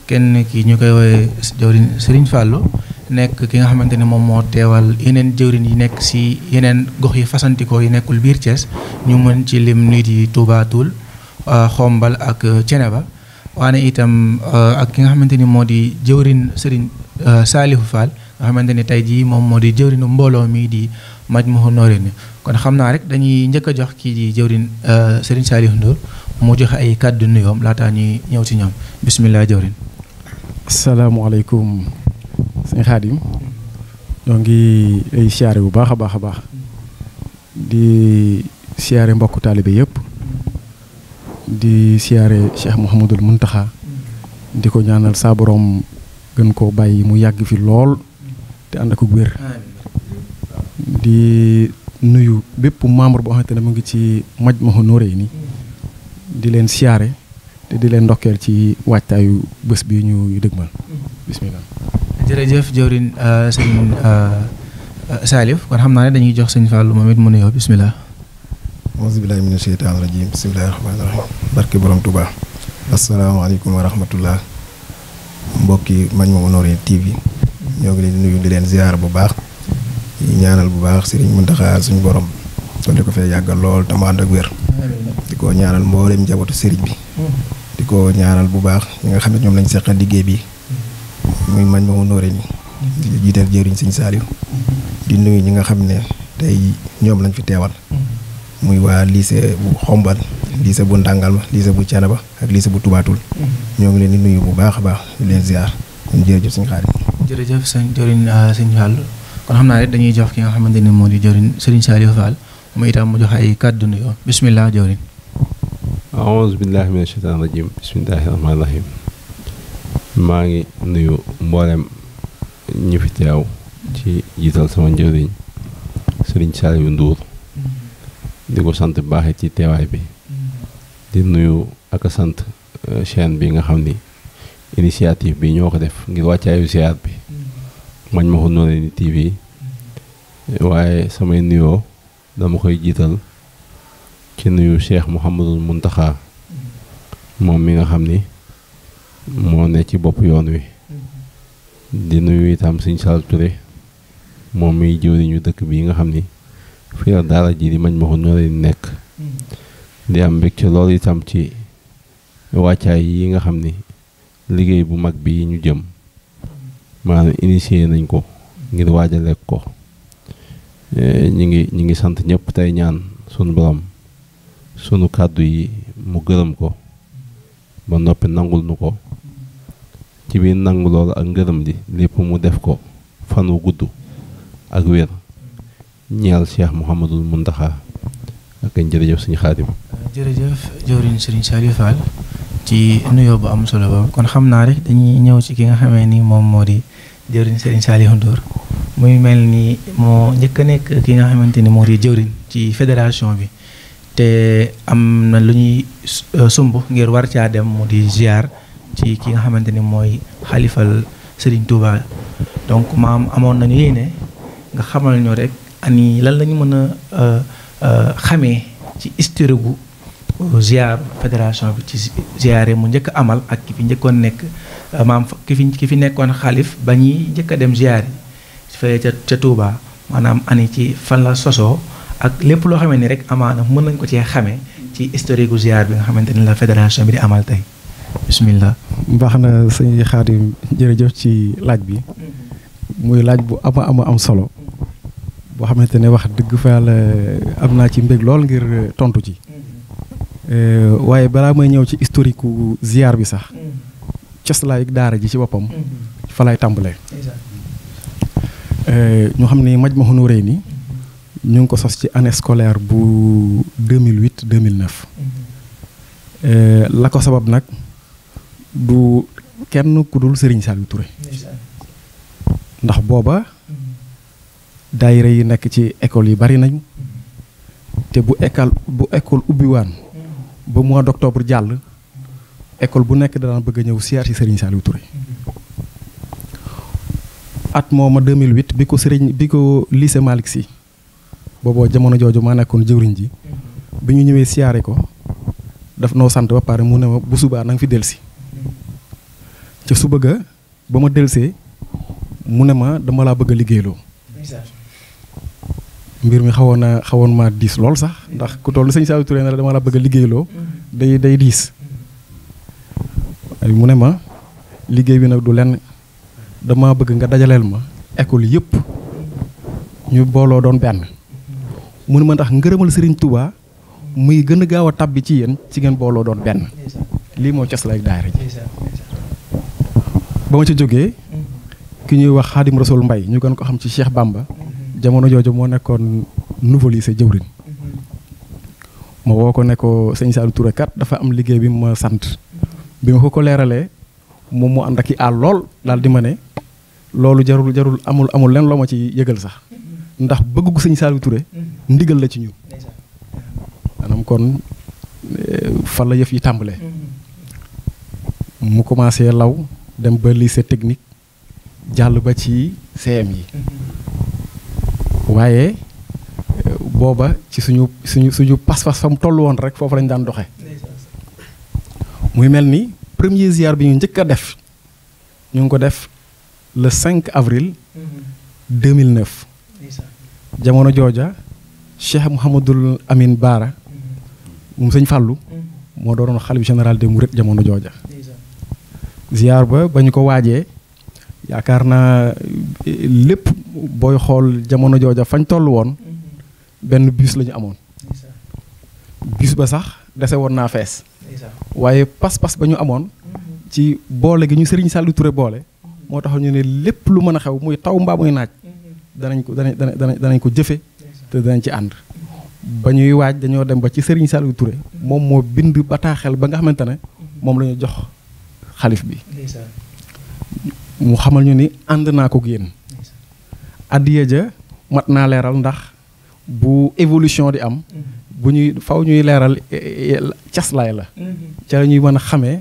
kenn ki ñu koy woowee jëwriñ Serigne Fallou nekk ki nga xamante ne moom moo teewal yeneen jëwrin yi nekk si yeneen gox yi fasantikoo yi nekkul biir Thiès ñu mën ci lim nit yi Touba euh, Xombal ak Ceneba euh, waane itam euh, ak ki nga xamante ni moo di jëwrin Serigne Saalihu Fall nga xamante ni tey jii moom moo di jëwrinu mbooloo mi di Majmahun Nurayni kon xam naa rek dañuy njëkk jox kii di jëwrin Serigne Saalihu Ndour mu joxe ay kàddu nuyoom laataa ñuy ñëw ci ñoom bisimilah jëwrin. salaamaaleykum. sëñ Xaadim ñoo ngi ay siyaare bu baax a baax a baax di siyaare mbokku taalibe yëpp di siyaare Cheikh Mouhamadul Muntaxa di ko ñaanal saa gën koo bàyyi mu yàgg fi lool te ànd ak wér di nuyu bépp membre boo xamante ne mu ngi ci Majmahun Nurayni di leen siyaare te di leen ndokkeel ci waajtaayu bés bi ñu dëgmal bismillah jërëjëf jëwrin euh, sëñ euh, euh, Salif kon xam naa ne dañuy jox sëñ Fallou moom it mu nuyoo bisimilah. auzu billaahi mina sheytaani rajiim bismillaahi rahmaani rahiim barke borom Touba. asalaamaaleykum wa rahmatullah mbokki Majmahun Nurayni TV ñoo ngi leen di nuyu di leen ziar bu baax ñaanal bu baax sëriñ Muntaxa suñu borom soo ko fee yàggal lool te mu ànd ak wér di ko ñaanal mboolem njabootu sëriñ bi mm. di ko ñaanal bu baax ñi nga xam ne ñoom lañ seqal liggéey bi muy man moomu nooree ni di jiital jëriñ sëñ Saaliw di nuyu ñi nga xam ne tey ñoom lañ fi teewal muy waa lycée bu xombal lycée bu ndàngal ma lycée bu canaba ak lycée bu tubaatul ñoo ngi leen di nuyu bu baax a baax di leen ziar kon jërëjëf sëñ xaalis jërëjëf sëñ jëriñ ah, sëñ xam naa rek dañuy jox ki nga xamante ni moo di jëriñ sëriñ Saaliw Fall mu itam mu jox ay kàddu nuyoo bismillah jëriñ aouzu billahi mina shaytaani rajim bismillahi rahmaani rahim maa ngi nuyu mboolem ñu fi teew ci jiital sama njëriñ sëriñ Saliou Ndour di ko sant baaxee ci teewaay bi di nuyu ak sant euh, chaîne bi nga xam ni initiative bi ñoo ko def ngir wàccaayu ziar bi mañ ma ko noonu ni waaye samay nuyoo dama koy jiital ci nuyu Cheikh Mouhamadul Muntaxa moom mi nga xam ni moo ne ci bopp yoon wi di nuyu itam sëñ Sall Touré moom miy jëwriñu dëkk bi nga xam ni fi la ji di mañ ma ko nooree nekk di am mbégte loolu itam ci wàccaay yi nga xam ni liggéey bu mag bi ñu jëm maanaam initié nañ ko ngir waajale ko eh, ñi ngi ñi ngi sant ñëpp tey ñaan sunu borom sunu kàddu yi mu gërëm ko ba noppi nangul nu ko ci biir nangu loolu ak ngërëm li lépp mu def ko fan wu gudd ak wér ñeel Cheikh Mouhamadul Muntaxa ak jërëjëf suñu xaadim jërëjëf jëwriñ sëriñ ci nuyoo bu am solo boobu kon xam naa rek dañuy ñëw ci ki nga xamee ni moom moo di jëwriñ sëriñ Saliou muy mel nii moo njëkk a nekk ki nga xamante ni moo di jëwriñ ci fédération bi te am na lu ñuy sumb ngir war caa dem mu di ziar. ci ki nga xamante ni mooy xaalifal Serigne Touba donc maam amoon nañu yéene nga xamal ñu rek ani lan lañu mën a euh, euh, xamee ci histoire gu euh, ziar fédération bi ci ziare mu njëkk amal ak ki fi njëkkoon nekk maam ki fi ki fi nekkoon xaalif ba ñuy njëkk dem ziar yi fee ca ca Touba maanaam ani ci fan la sosoo ak lépp loo xamee ni rek amaana mën nañ ko cee xamee ci historique gu ziar bi nga xamante ni la fédération bi di amal tey. bismillah baax na sëñ Xaadim jërëjëf ci laaj bi mm-hmm. muy laaj bu ama ama am solo boo xamante ne wax dëgg fa am naa ci mbég lool ngir euh, tontu ci mm-hmm. euh, waaye balaa may ñëw ci historique gu bi sax mm-hmm. coslaay daara ji ci boppam fa lay tàmbalee euh, ñu xam ne Majmahun ni ñu ngi ko sos ci année scolaire bu 2008 2009 la ko sabab nag du kenn ku dul Serigne Saliou Touré ndax booba daayira yi nekk ci ecole yi bari nañu te bu ecale bu école ubbiwaan ba mois d'octobre jàll ecole bu nekk danaan bëgg ñëw siyaar si Serigne Saliou Touré at mooma 2008 bi ko Serigne bi ko lycée Malick Sy booboo jamono jooju maa nekkoon jëwriñ ji bi ñu ñëwee siyaare ko daf noo sant ba pare mu ne bu subaa na nga fi delsi ca su bëgg ba ma delsee mu ne ma dama laa bëgg liggéeyloo mbir mi xawoon na xawoon ma diis lool sax ndax ku toll sëñ Saliou Touré ne la dama laa bëgg a liggéeyloo day day diis mu ne ma liggéey bi nag du lenn dama bëgg nga dajaleel ma école yëpp ñu booloo doon benn mu ne ma ndax ngërëmal sëriñ tubaa muy gën gaaw a tabbi ci yéen ci ngeen booloo doon benn lii moo cos lay daara ji ba ma ci jógee ki ñuy wax Xaadim Rasul Mbay ñu gën ko xam ci Cheikh Bamba jamono jooju moo nekkoon nouveau sa jëwrin ma woo ko ne sëñ Saliou Touré kat dafa am liggéey bi ma sant bi ma ko ko leeralee moom mu ànd ak i àll lool daal di ma ne loolu jarul jarul amul amul leen loo ma ci yëgal sax ndax bëggu sëñ Saliou Touré ndigal la ci ñun maanaam kon eh, fan la yëf yi tàmbalee mu commencé law dem ba lycée technique jàll ba ci CM yi waaye booba ci suñu suñu suñu pas-pas fa mu toll woon rek foofu lañ daan doxe muy mel ni premier ziar bi ñu njëkk a def ñu ngi ko def le 5 avril 2009 jamono jooja Cheikh Mouhamadul Amin Baara moom sëñ Fàllu mm-hmm. moo doonoon xalif général des Mourides jamono jooja ziar ba ba ñu ko waajee yaakaar na e, lépp booy xool jamono jooja fañ toll woon mhm. benn bus la amoon bus ba sax dese woon naa fees waaye pas-pas ba ñu amoon mhm. ci boole gi ñu Serigne Saliou ture boole moo tax ñu ne lépp lu mën a xew muy taw mbaa naaj mhm. danañ ko danañ danañ ko jëfe te danañ ci ànd ba ñuy waaj dañoo dem ba ci Serigne Saliou Touré moom moo bind bataaxel ba nga xamante ne moom lañu jox xalif bi mu xamal ñu ni ànd naa ko yéen addiya ja mat naa leeral ndax bu évolution di am mm-hmm. bu ñuy faw ñuy leeral e, e, e, caslaay la mm-hmm. ca ñuy mën a xamee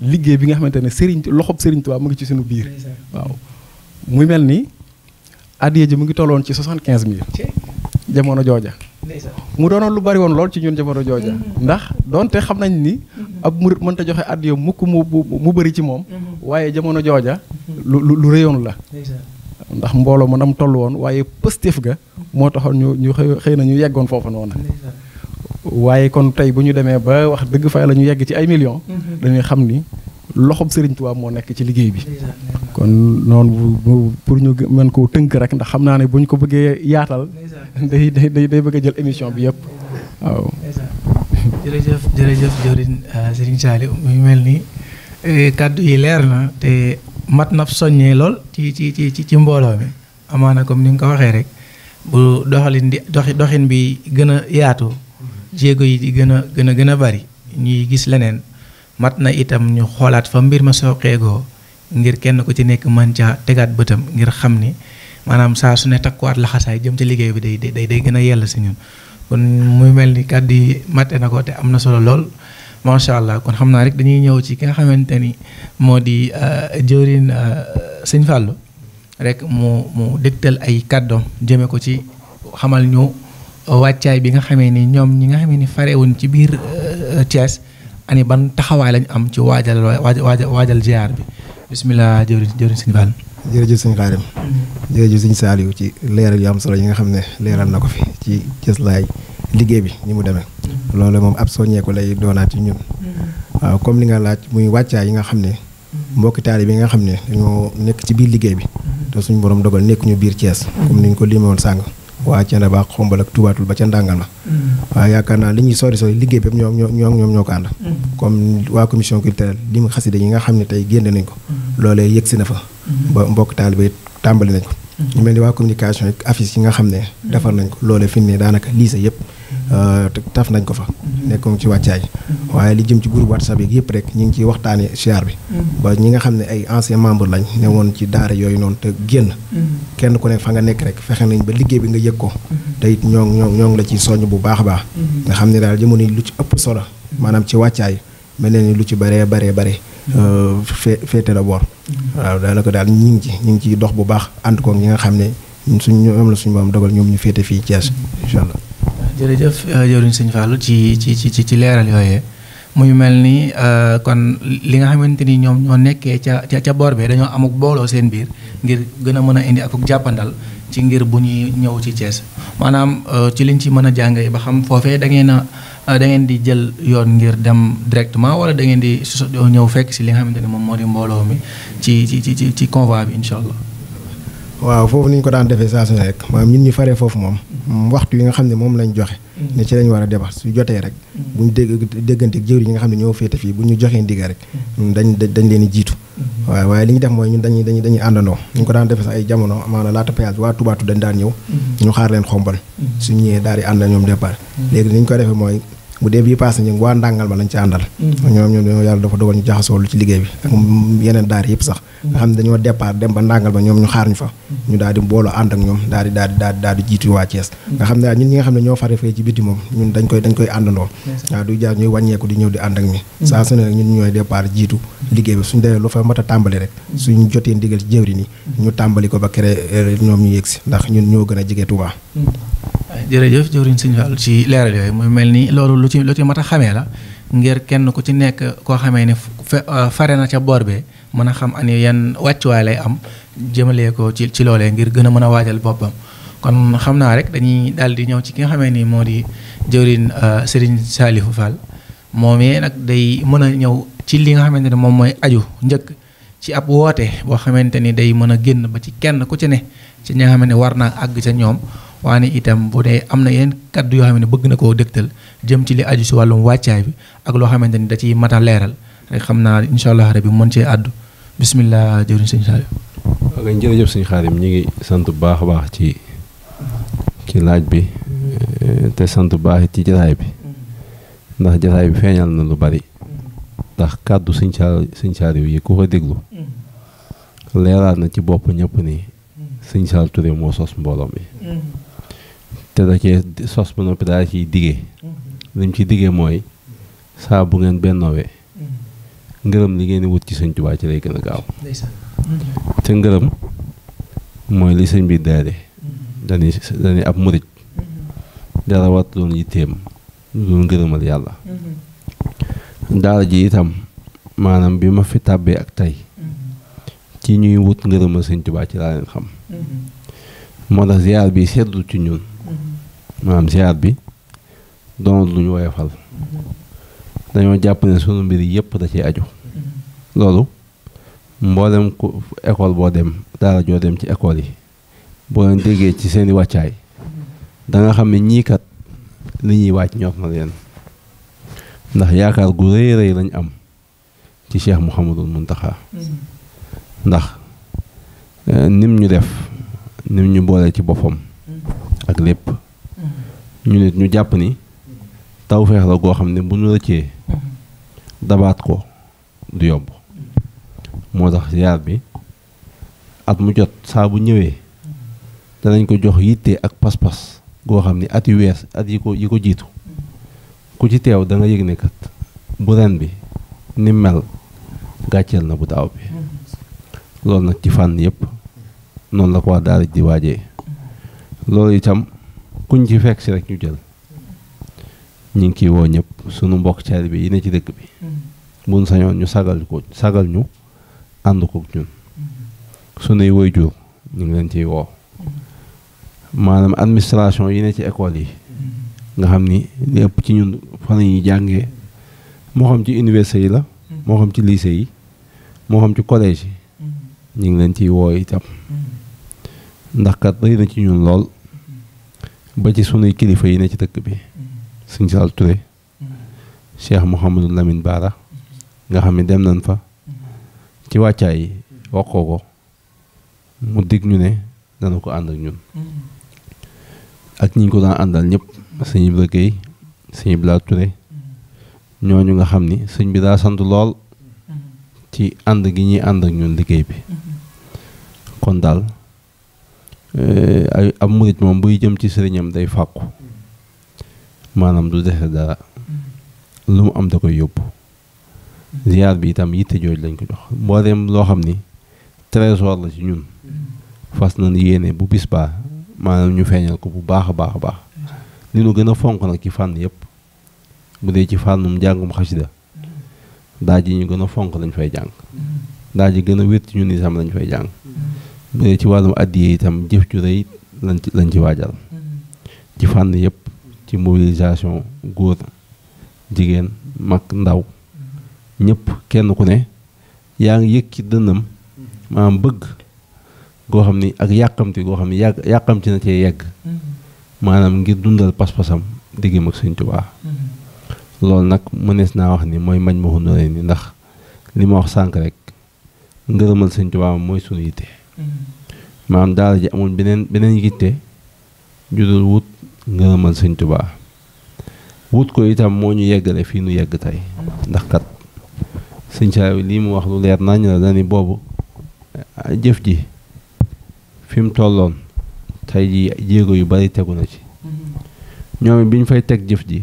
liggéey bi nga xamante ne sëriñ loxob sëriñ mu ngi ci sunu biir waaw muy mel ni addiya ji mu ngi tolloon ci soixante quinze mille jamono jooja. mu doonoon lu bari woon lool ci ñun jamono jooja. Mm-hmm. ndax donte xam nañ ni. Mm-hmm. ab murit mënta joxe addiya mukk mu mu bëri ci moom. Mm-hmm. waaye jamono jooja. lu lu rëyoon la. ndax mbooloo mën am toll woon waaye pëstéef ga. moo taxoon ñu ñu xëy na ñu yeggoon foofu noonu. waaye kon tey bu ñu demee ba wax dëgg fay la ñu yegg ci ay millions. dañuy xam ni. loxob sëriñ Touba moo nekk ci liggéey bi kon noonu pour ñu mën koo tënk rek ndax xam naa ne bu ko bëggee yaatal day day day bëgg a jël émission bi yëpp waaw. jërëjëf jërëjëf Diorine euh, Serigne Saliou mel nii eh, kàddu yi leer na te mat na soññee lool ci ci ci ci mbooloo mi amaana comme ni nga ko waxee rek bu doxalin di doxi doxin bi gën a yaatu jéego yi di gën a gën a gën a bari ñuy gis leneen. mat na itam ñu xoolaat fa mbir ma sooxeegoo ngir kenn ku ci nekk mën ca tegaat bëtam ngir xam ni maanaam saa su ne takkuwaat laxasaay jëm ci liggéey bi day day day gën a yàlla si ñun kon muy mel ni kàddu yi matte na ko te am na solo lool macha allah kon xam naa rek dañuy ñëw ci ki nga xamante ni moo di uh, jëwrin uh, sëñ Fallou rek mu mu dégtal ay kàddoom jëme ko ci xamal ñu wàccaay bi nga xamee ni ñoom ñi nga xamee ni farewuñ ci biir uh, Thiès ani ban taxawaay lañ am ci waajal waajal waajal ziar bi bisimilah jëwriñ jëwriñ si Fall. jërëjëf sëñ Xaadim jërëjëf sëñ Saliou ci leeral yu am solo yi nga xam ne leeral na ko fi ci cëslaay liggéey bi ni mu demee. loolu moom ab soññeeku lay doonaat ci ñun. waaw comme li nga laaj muy wàccaay yi nga xam ne. mbokki taali bi nga xam ne dañoo nekk ci biir liggéey bi. te suñu borom dogal nekkuñu biir Thiès. comme ni ñu ko limee woon sàng waa Cene ba Xombal ak Touba ba ca Ndàngal ma mm. waaye yaakaar naa li ñuy sori sori liggéey bépp ñoo ñoo ñoo ñoom ñoo ko ànd mm. comme waa commission culturelle li mu xasida yi nga xam ne tey génn nañ ko mm. loolee yëg si na fa ba mbokk taalibe yi tàmbali nañ ko ñu mel ni waa communication ak yi nga xam ne defar nañ ko loolee fi ne daanaka lii sa yëpp Euh, taf nañ ko fa. Mm-hmm. nekkoon ci wàccaay. Mm-hmm. waaye li jëm ci groupe whatsapp yi yëpp rek ñu ngi ciy waxtaanee siyaar bi. Mm-hmm. ba ñi nga xam ne ay ancien membre lañ ne woon ci daara yooyu noonu te génn. kenn ku ne fa nga nekk rek fexe nañ ba liggéey bi nga yëg ko. te it ñoo ñoo ñoo ngi la ciy soññ bu baax a baax. nga xam ne daal jëmu ni lu ci ëpp solo. maanaam ci wàccaay mel na ni lu ci baree baree bare. Euh, fee féete la boor. waaw ko daal ñu ngi ci ñu ngi ciy dox bu baax ant koog ñi nga xam ne suñ ñoom suñu moom dogal ñoom ñu féete fii Thiès incha allah jërëjëf euh, jëriñ sëñ Fallou ci ci ci ci leeral yooyee muy mel ni euh, kon li nga xamante ni ñoom ñoo nekkee ca ca boor bee dañoo amuk mbooloo seen biir ngir gën a mën a indi ak jàppandal ci ngir bu ñuy ñëw ci Thiès maanaam euh, ci liñ ci mën a jàngee ba xam foofee da ngeen a da ngeen di jël yoon ngir dem directement wala da ngeen di ñëw fekk si li nga xamante ni moom moo di mbooloo mi ci ci ci ci convoi bi incha allah. waaw foofu ni ñu ko daan defe saa su rek maanaam ñun ñu faree foofu moom waxtu yi nga xam ne moom lañ joxe mm-hmm. ne ci lañ war a debar su jotee rek mm-hmm. buñ dégg déggante jëwri nga xam ne ñoo féete fii bu ñu joxee ndigal rek mm-hmm. dañ dañ leen jiitu waaw waaye li ñu def mooy ñun dañuy dañuy dañuy àndandoo ñu ko daan defee sax ay jamono maanaam laata péage waa tubaatu dañ daan ñëw ñu xaar leen xombal suñ ñëwee daal di ànd ñoom départ léegi ni ñu ko defee mooy bu dee bii paase ñu waa ndàngal ma lañ ci àndal mm-hmm. ñoom ñoom dañoo yàlla dafa dogal ñu jaxasoo lu ci liggéey bi ak yeneen daar yëpp sax mm-hmm. nga xam ne dañoo départ dem ba ndàngal ba ñoom ñu xaar ñu fa mm-hmm. ñu daal di mbooloo ànd ak ñoom daal di daal di daal di daal jiitu waa Thiès nga xam ne ñun ñi nga xam ne biti moom ñun dañ dañ koy àndandoo waaw du jaar ñuy wàññeeku di ñëw di ànd ak mi saa su ne ñun ñooy départ jiitu liggéey bi suñ demee lu fa mat a tàmbali rek suñ jotee ndigal ci jëwri ni ñu tàmbali ko ba kere ñoom ñu si ndax ñun ñoo gën a jege Touba jërëjëf jëwriñ Sëñ Fall ci leeral yooyu mooy mel ni loolu lu ci lu ci mat a xamee la ngir kenn ku ci nekk koo xamee ne euh, fare na ca boor bee mën a xam ani yan wàccuwaay lay am jëmalee ko ci ci loolee ngir gën a mën a waajal boppam kon xam naa rek dañuy daal di ñëw ci ki nga xamee ni moo di jëwriñ euh, Serigne Salihou Fall moom yee nag day mën a ñëw ci li nga xamante ne moom mooy aju njëkk ci ab woote boo xamante ni day mën a génn ba ci kenn ku ci ne ci ñi nga xamante ne war naa àgg ca ñoom waane itam bu dee am na yeneen kaddu yoo xam ne bëgg na koo dëgtal jëm ci li aju si wàllum wàccaay bi ak loo xamante ni da ciy mata leeral rek xam naa incha allah rabi mën cee àddu bisimilah jëriñ sëñ Saliou. ok jërëjëf sëñ Xaadim ñu ngi sant bu baax a baax ci laaj bi eh, te sant bu baax ci jataay bi ndax jataay bi feeñal na lu bari ndax kàddu sëñ Saliou sëñ Saliou yi ku ko déglu leeraat ci bopp ñëpp ni sëñ Saliou Touré moo sos mbooloo mi. te da cee sos ba noppi ciy mm-hmm. diggee mooy saa bu ngeen bennoowee mm-hmm. ngërëm li wut ci sëñ Tuubaa ci lay gën a gaaw mm-hmm. mooy li sëñ bi daale dañuy dañuy ab murit dara wattu doon yitteem lu ngërëmal yàlla daara ji itam maanaam bi ma fi tàbbee ak tey ci ñuy wut ngërëmal sëñ Tuubaa ci laa leen xam moo tax ziar bi seddu ci ñun maam ziar bi doonul lu ñu woyofal dañoo jàpp ne sunu mbir yëpp da ciy aju loolu mboolem ku école boo dem daala joo dem ci école yi boo leen déggee ci seeni wàccaay danga nga xam ne ñii li ñuy wàcc ñor na leen ndax yaakaar gu rëy rëy lañ am ci Cheikh mun Muntaxa ndax eh, nim ñu def nim ñu boole ci boppam ak lépp ñu nit ñu jàpp ni tawfeex la goo xam ne bu ñu rëccee dabaat ko du yomb moo tax ziar bi at mu jot saa bu ñëwee danañ ko jox yitte ak pas-pas goo xam ni at yu wees at yi ko yi ko jiitu ku ci teew da yég yëg bu ren bi ni mel gàcceel na bu daaw bi loolu nag ci fànn yëpp noonu la ko wax daara di waajee loolu itam kuñ ci fekk si rek ñu jël ñu ngi ciy woo ñëpp sunu mbokk caari bi yi ne ci dëkk bi mm-hmm. buñ sañoon ñu sagal ko sagal ñu ànd kook ñun mm-hmm. sunuy waajur ñu ngi leen ciy woo mm-hmm. maanaam administration yi ne ci école yi nga xam ni li ëpp ci ñun fan yi jàngee moo xam ci université yi la moo xam ci lycée yi moo xam ci collège yi ñu ngi leen ciy woo itam ndax kat rëy na ci ñun lool ba ci sunuy kilifa yi ne ci dëkk bi sëñ Sall Touré Cheikh Mouhamadou Lamine Baara nga xam ne dem nañ fa ci wàccaay yi waxoo ko mu dig ñu ne dana ko ànd ak ñun ak ñi ko daan àndal ñëpp liggéey Ibra Gueye sëñ Ibra ñoo ñu nga xam ni sëñ bi daa sant lool ci ànd gi ñuy ànd ak ñun liggéey bi kon daal Euh, ay ab murit moom buy jëm ci sëriñam day fàqu maanaam du dese dara lu mu am da koy yóbbu ziar bi itam yitte jooj lañ ko jox mbooleem loo xam ni trésor la ci ñun fas na nañ yéene bu bis baa maanaam ñu feeñal ko bu baax a baax a baax li nu gën a fonk nag ci fànn yëpp bu dee ci fànnum njàngum xasida daa ji ñu gën a fonk lañ fay jàng daa ji gën a wér ci ñun itam lañ fay jàng bu dee ci wàllum addiye itam jëf ju rëy lañ ci lañ ci waajal mm-hmm. ci fànn yëpp ci mobilisation góor jigéen mag ndaw mm-hmm. ñëpp kenn ku ne yaa ngi yëg ci dënnam mm-hmm. maanaam bëgg goo xam ni ak yàqamte goo xam ni yàq yàqamti na cee yegg maanaam ngir dundal pas-pasam diggam ak Sëñ Tuubaa loolu nag mënees naa wax ni mooy mañ ma xundoone ni ndax li ma wax sànk rek ngërëmal Sëñ Tuubaa mooy sunu yitte maam daal ji amoon beneen beneen yitte judul wut ngërëmal sëñ tubaa wut ko itam moo ñu yeggale fii nu yegg tey ndax kat sëñ lii mu wax lu leer nañ la dani boobu ah, jëf ji fi mu tolloon tey ji jéego yu bari tegu na ci ñoom bi ñu fay teg jëf ji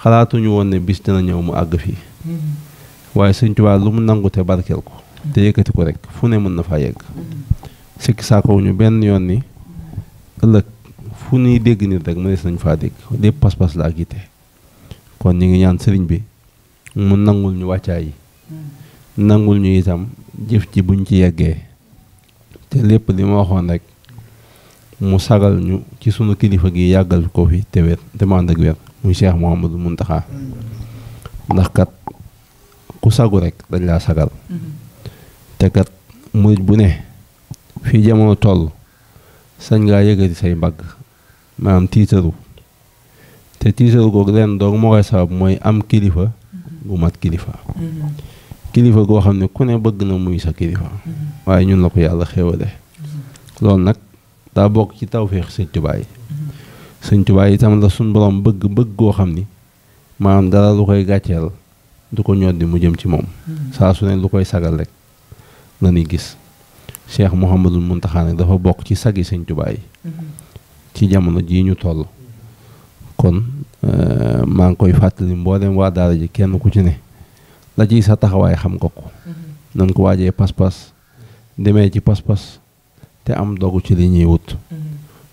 xalaatuñu woon ne bis dina ñëw mu àgg fii mm-hmm. waaye sëñ tubaa lu mu nangu te barkeel ko te yëkkati ko rek fu ne mën na faa yegg sikki saako ñu benn yoon ni ëllëg fu ñuy dégg nit rek mënees nañ faa dégg lépp pas-pas la ak yitte kon ñu ngi ñaan sëriñ bi mu nangul ñu wàccaa yi nangul ñu itam jëf ci buñ ci yeggee te lépp li ma waxoon rek mu sagal ñu ci sunu kilifa gi yàggal ko fi te wér te mu ànd ak wér muy Cheikh Mouhamadou Mountakha ndax kat ku sagu rekk dañ laa sagal te kat murit bu ne fii jamono toll sañ ngaa yëgati say mbagg maanaam tiitaru te tiitaru googu leen doog moo koy sabab mooy am kilifa gu mat kilifa mm-hmm. kilifa goo xam ne ku ne bëgg na muy sa kilifa mm-hmm. waaye ñun la ko yàlla xéewale mm-hmm. loolu nag daa bokk ci tawféex sëñ Tuubaa yi sëñ Tuubaa yi itam la suñ borom bëgg bëgg goo xam ni maanaam dara lu koy gàcceel du ko ñoddi mu jëm ci moom saa su ne lu koy sagal rek la ñuy gis Cheikh Mouhamadul Mountakha nag dafa bokk ci sagi Sëñ Tuubaa yi mm-hmm. ci jamono ji ñu toll kon euh, maa ngi koy fàttali mboolem waa daara ji kenn ku ci ne la ciy sa taxawaay xam nga ko mm-hmm. nan ko waajee pas-pas demee ci pas-pas te am dogu ci li ñuy wut mm-hmm.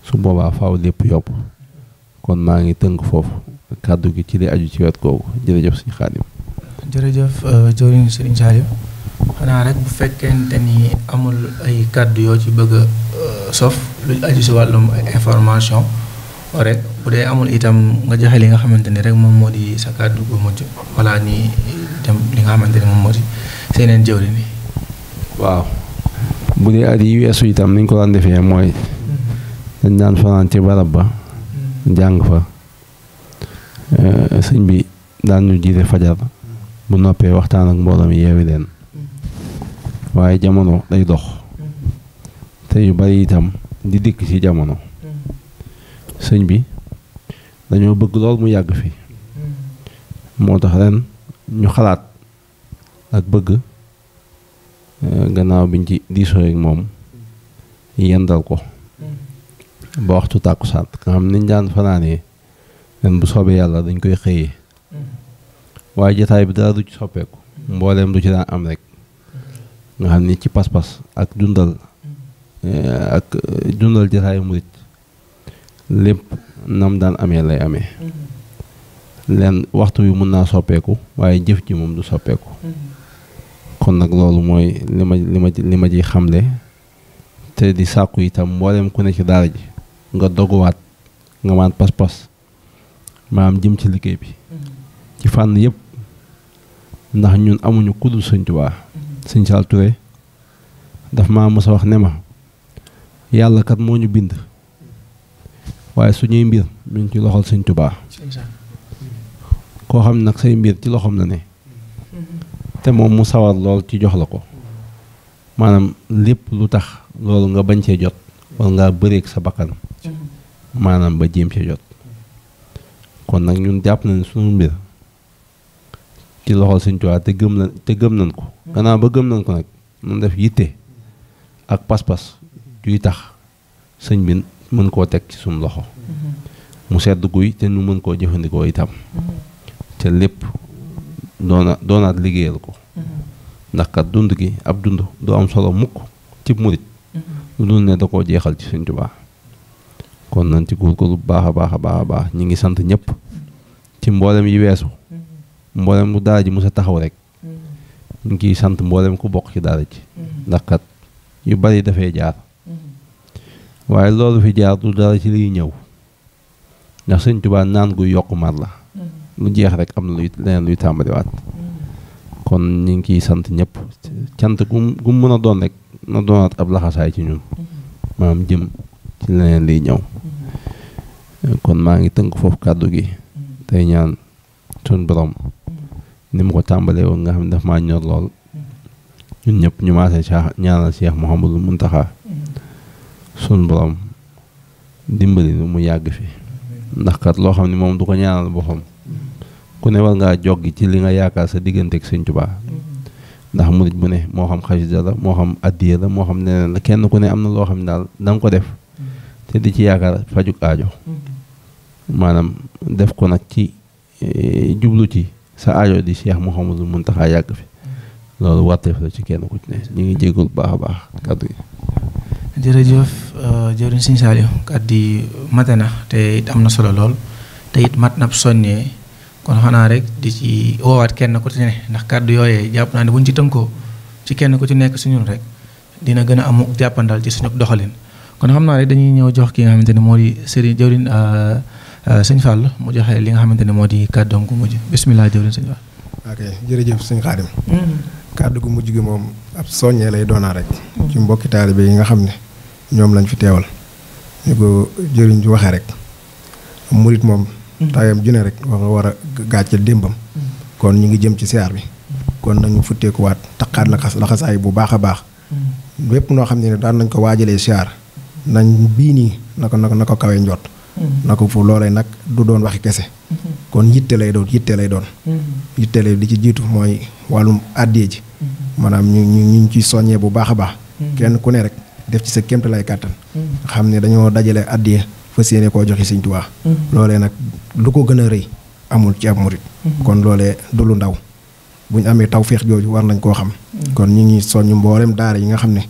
su boobaa faw lépp yopp kon maa ngi tënk foofu kàddu gi ci li aju ci wet googu jërëjëf sëñ Xaadim euh, xanaa rek bu fekkente ni amul ay kàddu yoo ci bëgg a euh, sof lu aju si wàllum ay information rek bu dee amul itam nga joxe li nga xamante ni rek moom moo di sa kàddu bu mujj walla ni dem li nga xamante ni moom moo di seeneen jëwri ni waaw bu dee at yi weesu itam ni ko daan defee mooy dañ daan fanaan ci barab ba jàng fa euh, sëñ bi daan ñu fajar bu noppee waxtaan ak mbooloo mi leen waaye jamono day dox te yu bari itam di dikk ci jamono sëñ bi dañoo bëgg lool mu yàgg fi moo tax ren ñu xalaat ak bëgg eh, gannaaw biñ ci diisoo ak moom yendal ko ba waxtu tàkkusaan nga xam niñ daan fanaanee ren bu soobee yàlla dañ koy xëyee mm. waaye jataay bi dara du ci soppeeku mbooleem du ci daan am rek nga xam ni ci pas-pas ak dundal eh, ak eh, dundal jataayu murit lépp nam daan amee lay ame leen waxtu wi mun naa soppeeku waaye jëf ji moom du soppeeku kon nag loolu mooy li ma li ma li ma ji xamle te di sàkku itam mboolem ku ne ci daara ji nga doguwaat nga maan pas-pas maam jëm ci liggéey bi ci fànn yëpp ndax ñun amuñu ku dul sëñ Saal Touré daf maa mos wax ne ma yàlla kat moo ñu bind waaye suñuy mbir mi ci loxol sëñ Tubaa koo xam nag say mbir ci loxoom na ne te moom mu sawar lool ci jox la ko maanaam lépp lu tax loolu nga bañ cee jot wala ngaa bëreeg sa bakkan maanaam ba jéem cee jot kon nag ñun jàpp na ne suñu mbir ci loxol Sëñ Tuubaa te gëm nañ gëm nañ ko gannaaw ba gëm nañ ko nag mun def yitte ak pas-pas yuy tax sëñ bi mën koo teg ci suñu loxo mu sedd guy te nu mën koo jëfandikoo itam te lépp doona doonaat liggéeyal ko ndax kat dund gi ab dund du am solo mukk ci murit lu dul ne da koo jeexal ci Sëñ Tuubaa kon nañ ci góorgóorlu bu baax a baax a baax a baax ñi ngi sant ñëpp ci mboolem yi weesu mboolem mu daal ji mos a taxaw rek mm-hmm. ñu ngi sant mboolem ku bokk ci daara ji mm-hmm. ndax kat yu bari dafay jaar mm-hmm. waaye loolu fi jaar du dara ci liy ñëw ndax sëñ Tuubaa naan gu yokk mar la lu jeex rek am na luy leneen luy tàmbaliwaat kon ñu ngi ciy sant ñëpp cant gum gum mën a doon rek na doonaat ab laxasaay ci ñun maam jëm ci leneen liy ñëw kon maa ngi tënk foofu kàddu gi tey ñaan suñ borom ni mu ko tàmbalee woon nga xam ne daf maa ñor lool ñun ñëpp ñu maasee Cheikh ñaanal Cheikh Mouhamadou Mountakha suñ borom dimbali nu mu yàgg fi ndax kat loo xam ne moom du ko ñaanal boppam ku ne war ngaa joggi ci li nga yaakaar sa diggante ak Sëñ Tuubaa ndax murit bu ne moo xam xasida la moo xam addiya la moo xam neneen la kenn ku ne am na loo xam ne daal da ko def te di ci yaakaar fajuk aajo maanaam def ko nag ci Eh, jublu ci sa aajo di Cheikh Mouhamadou Mountakha yàgg fi loolu warteef la ci kenn ko ci ne ñu ngi jéggul baax a baax kàddu yi. jërëjëf euh, jëriñ Sëñ Saliou kàddu yi na te am na solo lool te mat na soññee kon xanaa rek di ci woowaat kenn ku ndax kàddu yooyee jàpp naa ne buñ ci tënkoo ci kenn ku ci nekk suñun rek dina gën a am jàppandal ci suñu doxalin kon xam naa rek dañuy ñëw jox ki nga xamante moo di Serigne jëriñ. Euh, Euh, sëñ Fall mu joxe li nga xamante ne moo di kàddoom gu mujj bisimilah jërëjëf sëñ Fall. ok jërëjëf sëñ mm-hmm. mujj gi moom ab soññee lay doonaa rek. Mm-hmm. ci mbokki taalibe yi nga xam ne ñoom lañ fi teewal. ñu ko jëriñ ju waxee rek. murit moom. Mm-hmm. taayam junne rek wax nga war a gàcce démbam. kon ñu ngi jëm ci siyaar bi. kon nañu futteekuwaat taqaat laxas laxasaay bu baax a baax. lépp noo xam ne daan nañ ko waajalee siyaar. nañ bii nii na ko na ko na ko kawee njot Mm-hmm. na ko fu loolee nag du doon waxi kese. Mm-hmm. kon yitte lay doon yitte lay doon. Mm-hmm. yitte lay di ci jiitu mooy wàllum àddee ji. maanaam ñu ñu ñu ci soññee bu baax a baax. kenn ku ne rek def ci sa kéemtalaay kàttan. xam ne dañoo dajale àddee fas yéene koo joxe Sëñ Tuubaa. loolee nag lu ko gën a rëy amul ci ab murit. kon loolee du lu ndaw bu ñu amee tawféex jooju war nañ koo xam. kon ñu ngi soññ mboolem daara yi nga xam ne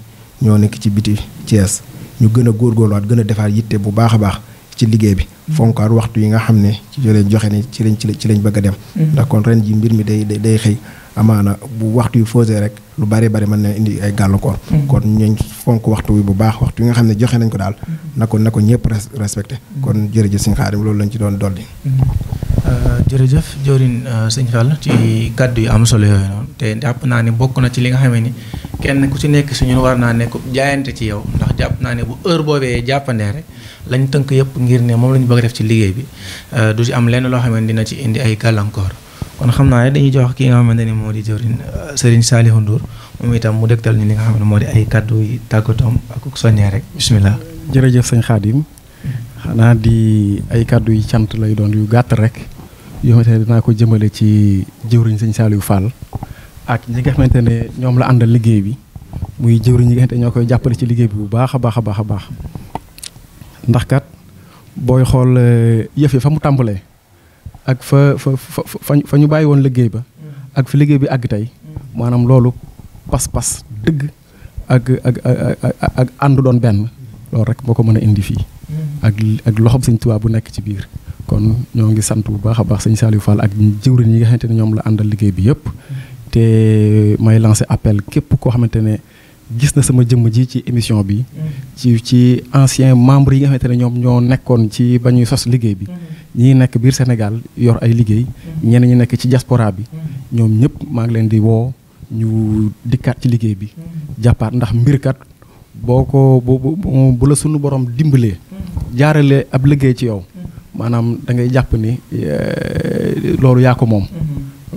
ñoo nekk ci biti Thiès ñu gën a góorgóorluwaat gën a defaat yitte bu baax a baax. ci liggéey bi fonkaat waxtu yi nga xam ne ci lañ joxe ne ci lañ ci lañ bëgg a dem mm-hmm. ndax kon ren ji mbir mi day day xëy amaana bu waxtu yu fausé rek lu bari bari mën na indi ay gàllankoor mm-hmm. kon ñuñ fonk waxtu wi bu baax waxtu yi nga xam ne joxe nañ ko daal mm-hmm. na ko na ko ñëpp respecté kon jërëjëf sëñ Xaadim loolu lañ ci doon dolli uh, jërëjëf jëwriñ uh, sëñ Fall ci kàddu yu am solo yooyu noonu te jàpp naa ne bokk na ci li nga xamee ni kenn ku ci nekk suñu ñun war naa nekk jaayante ci yow ndax jàpp naa ne bu heure boobee jàppandee rek lañ tënk yëpp ngir ne moom la ñu bëgg def ci liggéey bi euh, du si am lenn loo xamee dina ci indi ay gàllankoor kon xam naa ne dañuy jox ki nga xamante ni moo di jëriñ euh, Serigne Saliou Ndour moom itam mu dégtal ñu li nga xam ne moo di ay kàddu yi tàggatoom ak soññee rek bisimilah. jërëjëf sëñ Khadim xanaa di ay kàddu yi cant lay doon yu gàtt rek yoo xamante ne ko jëmale ci jëwriñ sëñ Saliou Fall ak ñi nga xamante ne ñoom la àndal liggéey bi muy jëwriñ ñi nga xamante ñoo koy jàppale ci liggéey bi bu baax a baax a baax a baax ndax kat booy xool euh, yëf yi fa mu tàmbalee ak fa fa fa fa ñu bàyyi woon liggéey ba ak fi liggéey bi àgg tey maanaam loolu pas-pas dëgg ak ak ak ànd doon benn loolu rek moo ko mën a indi fii ak ak loxoom sëñ Tuubaa bu nekk ci biir kon ñoo ngi sant bu baax a baax sëñ Saliou Fall ak jëwriñ ñi nga xamante ne ñoom la àndal liggéey bi yëpp te may lancé appel képp koo xamante ne gis na sama jëmm ji ci émission bi. ci ci ancien membre yi nga xamante ne ñoom ñoo nekkoon ci ba ñuy sos liggéey bi. ñi nekk biir Sénégal yor ay liggéey. ñenn ñi nekk ci diaspora bi. ñoom ñëpp maa ngi leen di woo ñu dikkaat ci liggéey bi. jàppaat ndax mbirkat boo ko bu bu la sunu borom dimbalee. jaarale ab liggéey ci yow. maanaam da ngay jàpp ni eh, loolu yaa ko moom.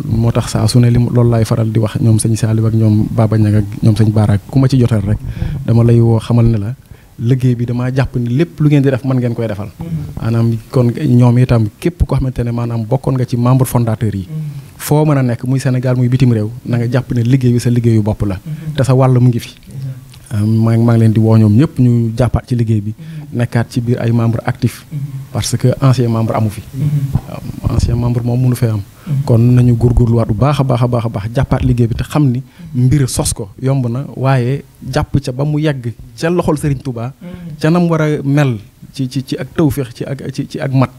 moo tax saa su ne li loolu laay faral di wax ñoom sëñ Saliou ak ñoom Baba Niang ak ñoom sëñ Baara ku ma ci jotal rek dama lay woo xamal ne la liggéey bi damaa jàpp ni lépp lu ngeen di def mën ngeen koy defal maanaam kon ñoom itam képp koo xamante ne maanaam bokkoon nga ci membre fondateur yi foo mën a nekk muy Sénégal muy bitim réew na nga jàpp ne liggéey bi sa liggéeyu bopp la te sa wàll mu ngi fi maa maa ngi leen di woo ñoom ñëpp ñu jàppaat ci liggéey bi nekkaat ci biir ay membre actif parce que ancien membre amu fi waaw ancien membre moom mënu am kon nañu góorgóorluwaat bu baax a baax a baax a baax jàppaat liggéey bi te xam ni mbir sos ko yomb na waaye jàpp ca ba mu yegg ca loxol Serigne Touba. ca nam war a mel ci ci ci ak tawféex ci ak ci ci ak mat.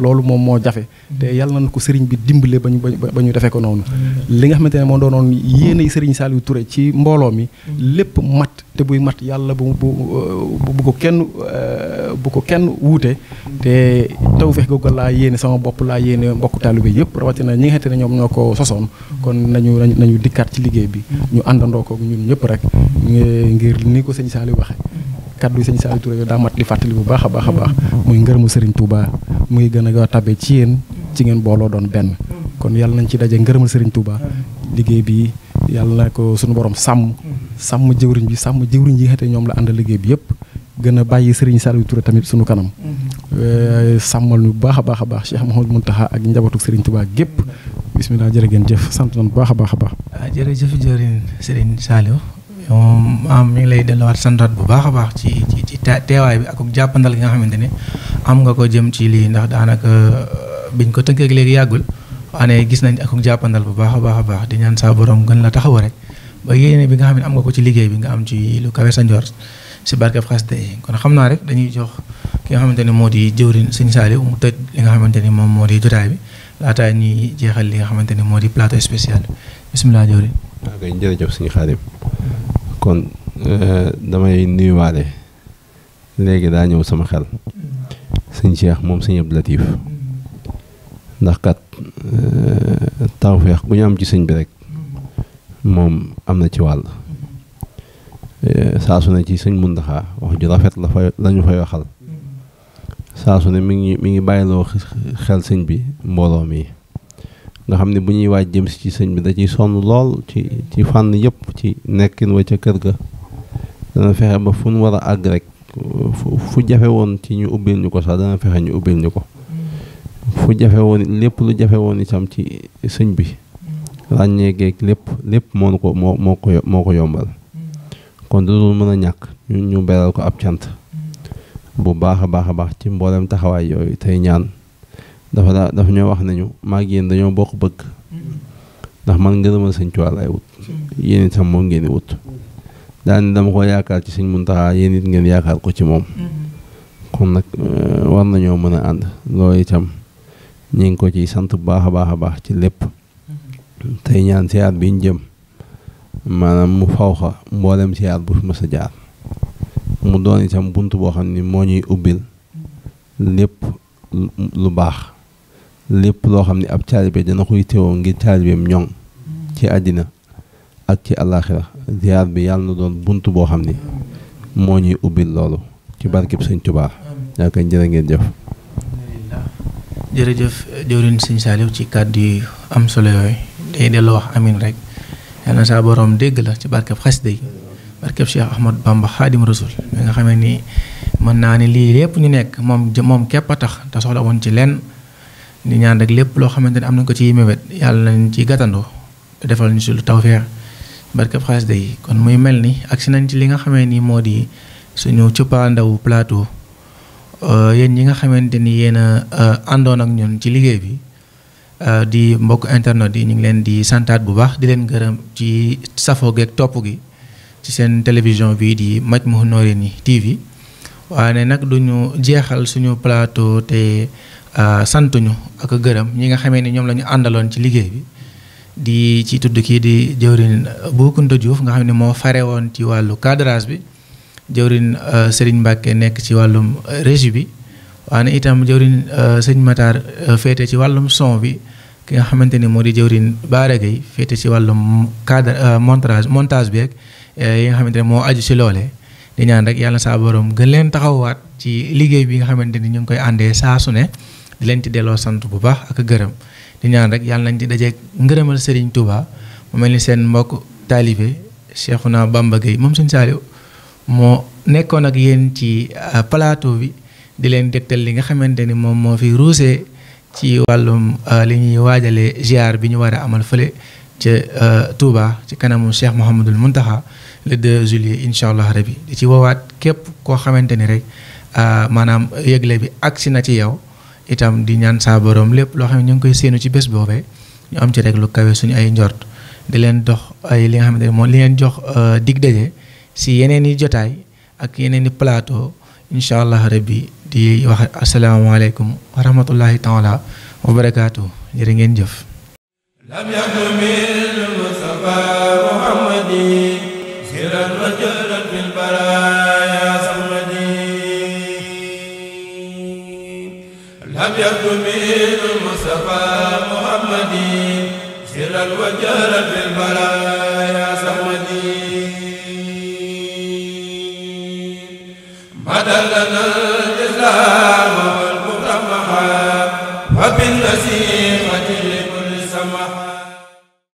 loolu moom moo jafe. te yàlla na ko Serigne bi dimbale ba ñu ba ñu defee ko noonu. li nga xamante ne moo doonoon yéenay Serigne Saliou Touré ci mbooloo mi. lépp mat te buy mat yàlla bu bu bu ko kenn bu ko kenn wuute. te tawfeex ko laa yéene sama bopp laa yéene mbokk taalibe yëpp rawatina ñi nga xamante ne ñoom ñoo ko sosoon kon nañu nañu dikkaat ci liggéey bi ñu àndandoo ko ñun ñëpp rek ngir ni ko sëñ Saliou waxe kaddu sëñ Saliou Touré daa mat li fàttali bu baax a baax a baax muy ngërëmu Serigne Touba mu ngi gën a tabe ci yéen ci ngeen booloo doon benn kon yàlla nañ ci daje ngërëmal Serigne Touba liggéey bi yàlla na ko suñu borom sàmm sàmm jëwriñ bi sàmm jëwriñ yi nga ñoom la ànd liggéey bi yëpp gën a bàyyi Serigne Saliou Touré tamit suñu kanam Euh, sàmmal nu bu baax a baax a baax Cheikh Mouhamadou Mountakha ak njabootu Serigne Touba gépp bisimilah jërë ngeen jëf sant nañu bu baax a baax a baax. Ah, jërëjëf jërëjëf Serigne Saliou am mi ngi lay delluwaat santaat bu baax a baax ci ci ci teewaay bi ak jàppandal gi nga xamante ne am nga ko jëm ci lii ndax daanaka euh, biñ ko tënkee léegi yàggul waaye gis nañ ak jàppandal bu baax a baax a baax di ñaan saa borom gën la taxaw rek ba yéene bi nga xam ne am nga ko ci liggéey bi nga am ci lu kawe sa njort si barke xasida yi kon xam naa rek dañuy jox ki nga xamante ne moo di jëwriñ sëñ Saliou mu tëj li nga xamante ni moom moo di jotaay bi laataa ñuy jeexal li nga xamante ni moo di plateau spécial bisimilah jëwriñ. waaw kay jërëjëf sëñ Xaadim kon euh, damay nuyuwaale léegi daa ñëw sama xel sëñ Cheikh moom sëñ Abdou Latif ndax kat euh, tawfeex bu ñu am ci suñ bi rek moom am na ci wàll. saa su ne ci sëñ Muntaxa wax ju rafet la fay lañu fay waxal saa ne mi ngi mi ngi bàyyiloo xel sëñ bi mbooloo mi nga xam ne bu ñuy waaj jëm si ci sëñ bi da ciy sonn lool ci ci fànn yëpp ci nekkin wa ca kër ga dana fexe ba fu nu war a àgg rek fu jafe woon ci ñu ubbil ñu ko sax dana fexe ñu ubbil ñu ko fu jafe woon lépp lu jafe woon itam ci sëñ bi ràññee lépp lépp moo ko moo moo ko moo ko yombal kon dudul mën a ñàkk ñu beral ko ab cant bu baax a baax a baax ci mboolem taxawaay yooyu tey ñaan dafa daa dafa ñoo wax nañu maag yéen dañoo bokk bëgg ndax man ngërëmal sëñ Tuubaa ay wut yéen itam moom ngeen di wut daani dama ko yaakaar ci sëñ Muntaxaa yéen it ngeen yaakaar ko ci moom kon nag euh, war nañoo mën a ànd loolu itam ñu ngi ko ci sant bu baax a baax a baax ci lépp tey ñaan siyaat bi jëm maanaam mu fawxa mboolem siyaar bu fi mës jaar mu doon itam bunt boo xam ni moo ñuy ubbil lépp lu baax lépp loo xam ne ab taalibe dana koy teewoo ngir taalibeem ñoŋ ci àddina ak ci àllaaxira ziyaar bi yàlla na doon bunt boo xam ni moo ñuy ubbil loolu ci barkib sëñ Tuubaa yaakaar jërë ngeen jëf jërëjëf jëwriñ sëñ ci kàddu yu am solo yooyu day wax amin rek yàlla na saa dégg la ci barkeb xasida yi barkeb Cheikh Ahmad Bamba Xaadim Rasul mi nga xamee ni mën naa ni lii lépp ñu nekk moom moom képp a tax te soxla woon ci leen di ñaan rek lépp loo xamante ne am nañ ko ci mébét yàlla nañ ci gàttandoo defal ñu si lu tawféex barkeb xasida yi kon muy mel ni ak si nañ ci li nga xamee ni moo di suñu cëppaandawu plateau yéen ñi nga xamante ni yéen a àndoon ak ñoom ci liggéey bi Euh, di mbokk internet yi ñu ngi leen di santaat bu baax di leen gërëm ci safoo topp gi ci seen télévision bii di Majmahun Nurayni TV waaye ne nag duñu jeexal suñu plateau te euh, santuñu ak gërëm ñi nga xamee ni ñoom lañu àndaloon ci liggéey bi di ci tudd kii di jëwrin euh, Boukounta Diouf nga xam ne moo fare woon ci wàllu cadrage bi jëwrin Serigne Mbacke nekk ci wàllum régie bi waane itam jëwriñ euh, sëñ Matar euh, féete ci wàllum son bi ki nga xamante ni moo di jëwriñ Baara Gueye féete ci wàllum cadre euh, montrage montage bi ak yi nga xamante ne moo aju ci loole di ñaan rek yàlla saa borom gën leen taxawaat ci liggéey bi nga xamante ni ñu ngi koy àndee saa ne di leen ci delloo sant bu baax ak gërëm di ñaan rek yàlla nañ ci dajeeg ngërëmal Serigne Touba mu mel ni seen mbokk taalibe Cheikhouna Bamba Gueye moom sëñ Saliou moo nekkoon ak yéen ci palaato bi. di leen dégtal li nga xamante ni moom moo fi ruusee ci wàllum euh, li ñuy waajale ziar bi ñu war a amal fële ca euh, Touba ci kanamu Cheikh Mouhamadul Mountakha le deux juillet incha allah rabi di ci woowaat képp koo xamante ni rek euh, maanaam yëgle bi agsi na ci yow itam di ñaan saa borom lépp loo xam ne ñu ngi koy séenu ci bés boobee ñu am ci rek lu kawe suñu ay njort di leen dox ay li nga xamante ni moom li leen jox dig daje si yeneen i jotaay ak yeneen i palaato incha allah rabbi di wax asalaamaaleykum wa rahmatullahi taala wa barakaatu jërë ngeen jëf lam yakmil mustafa muhammadi siran wa jalan bil baraya samadi lam yakmil mustafa muhammadi siran wa jalan bil baraya lana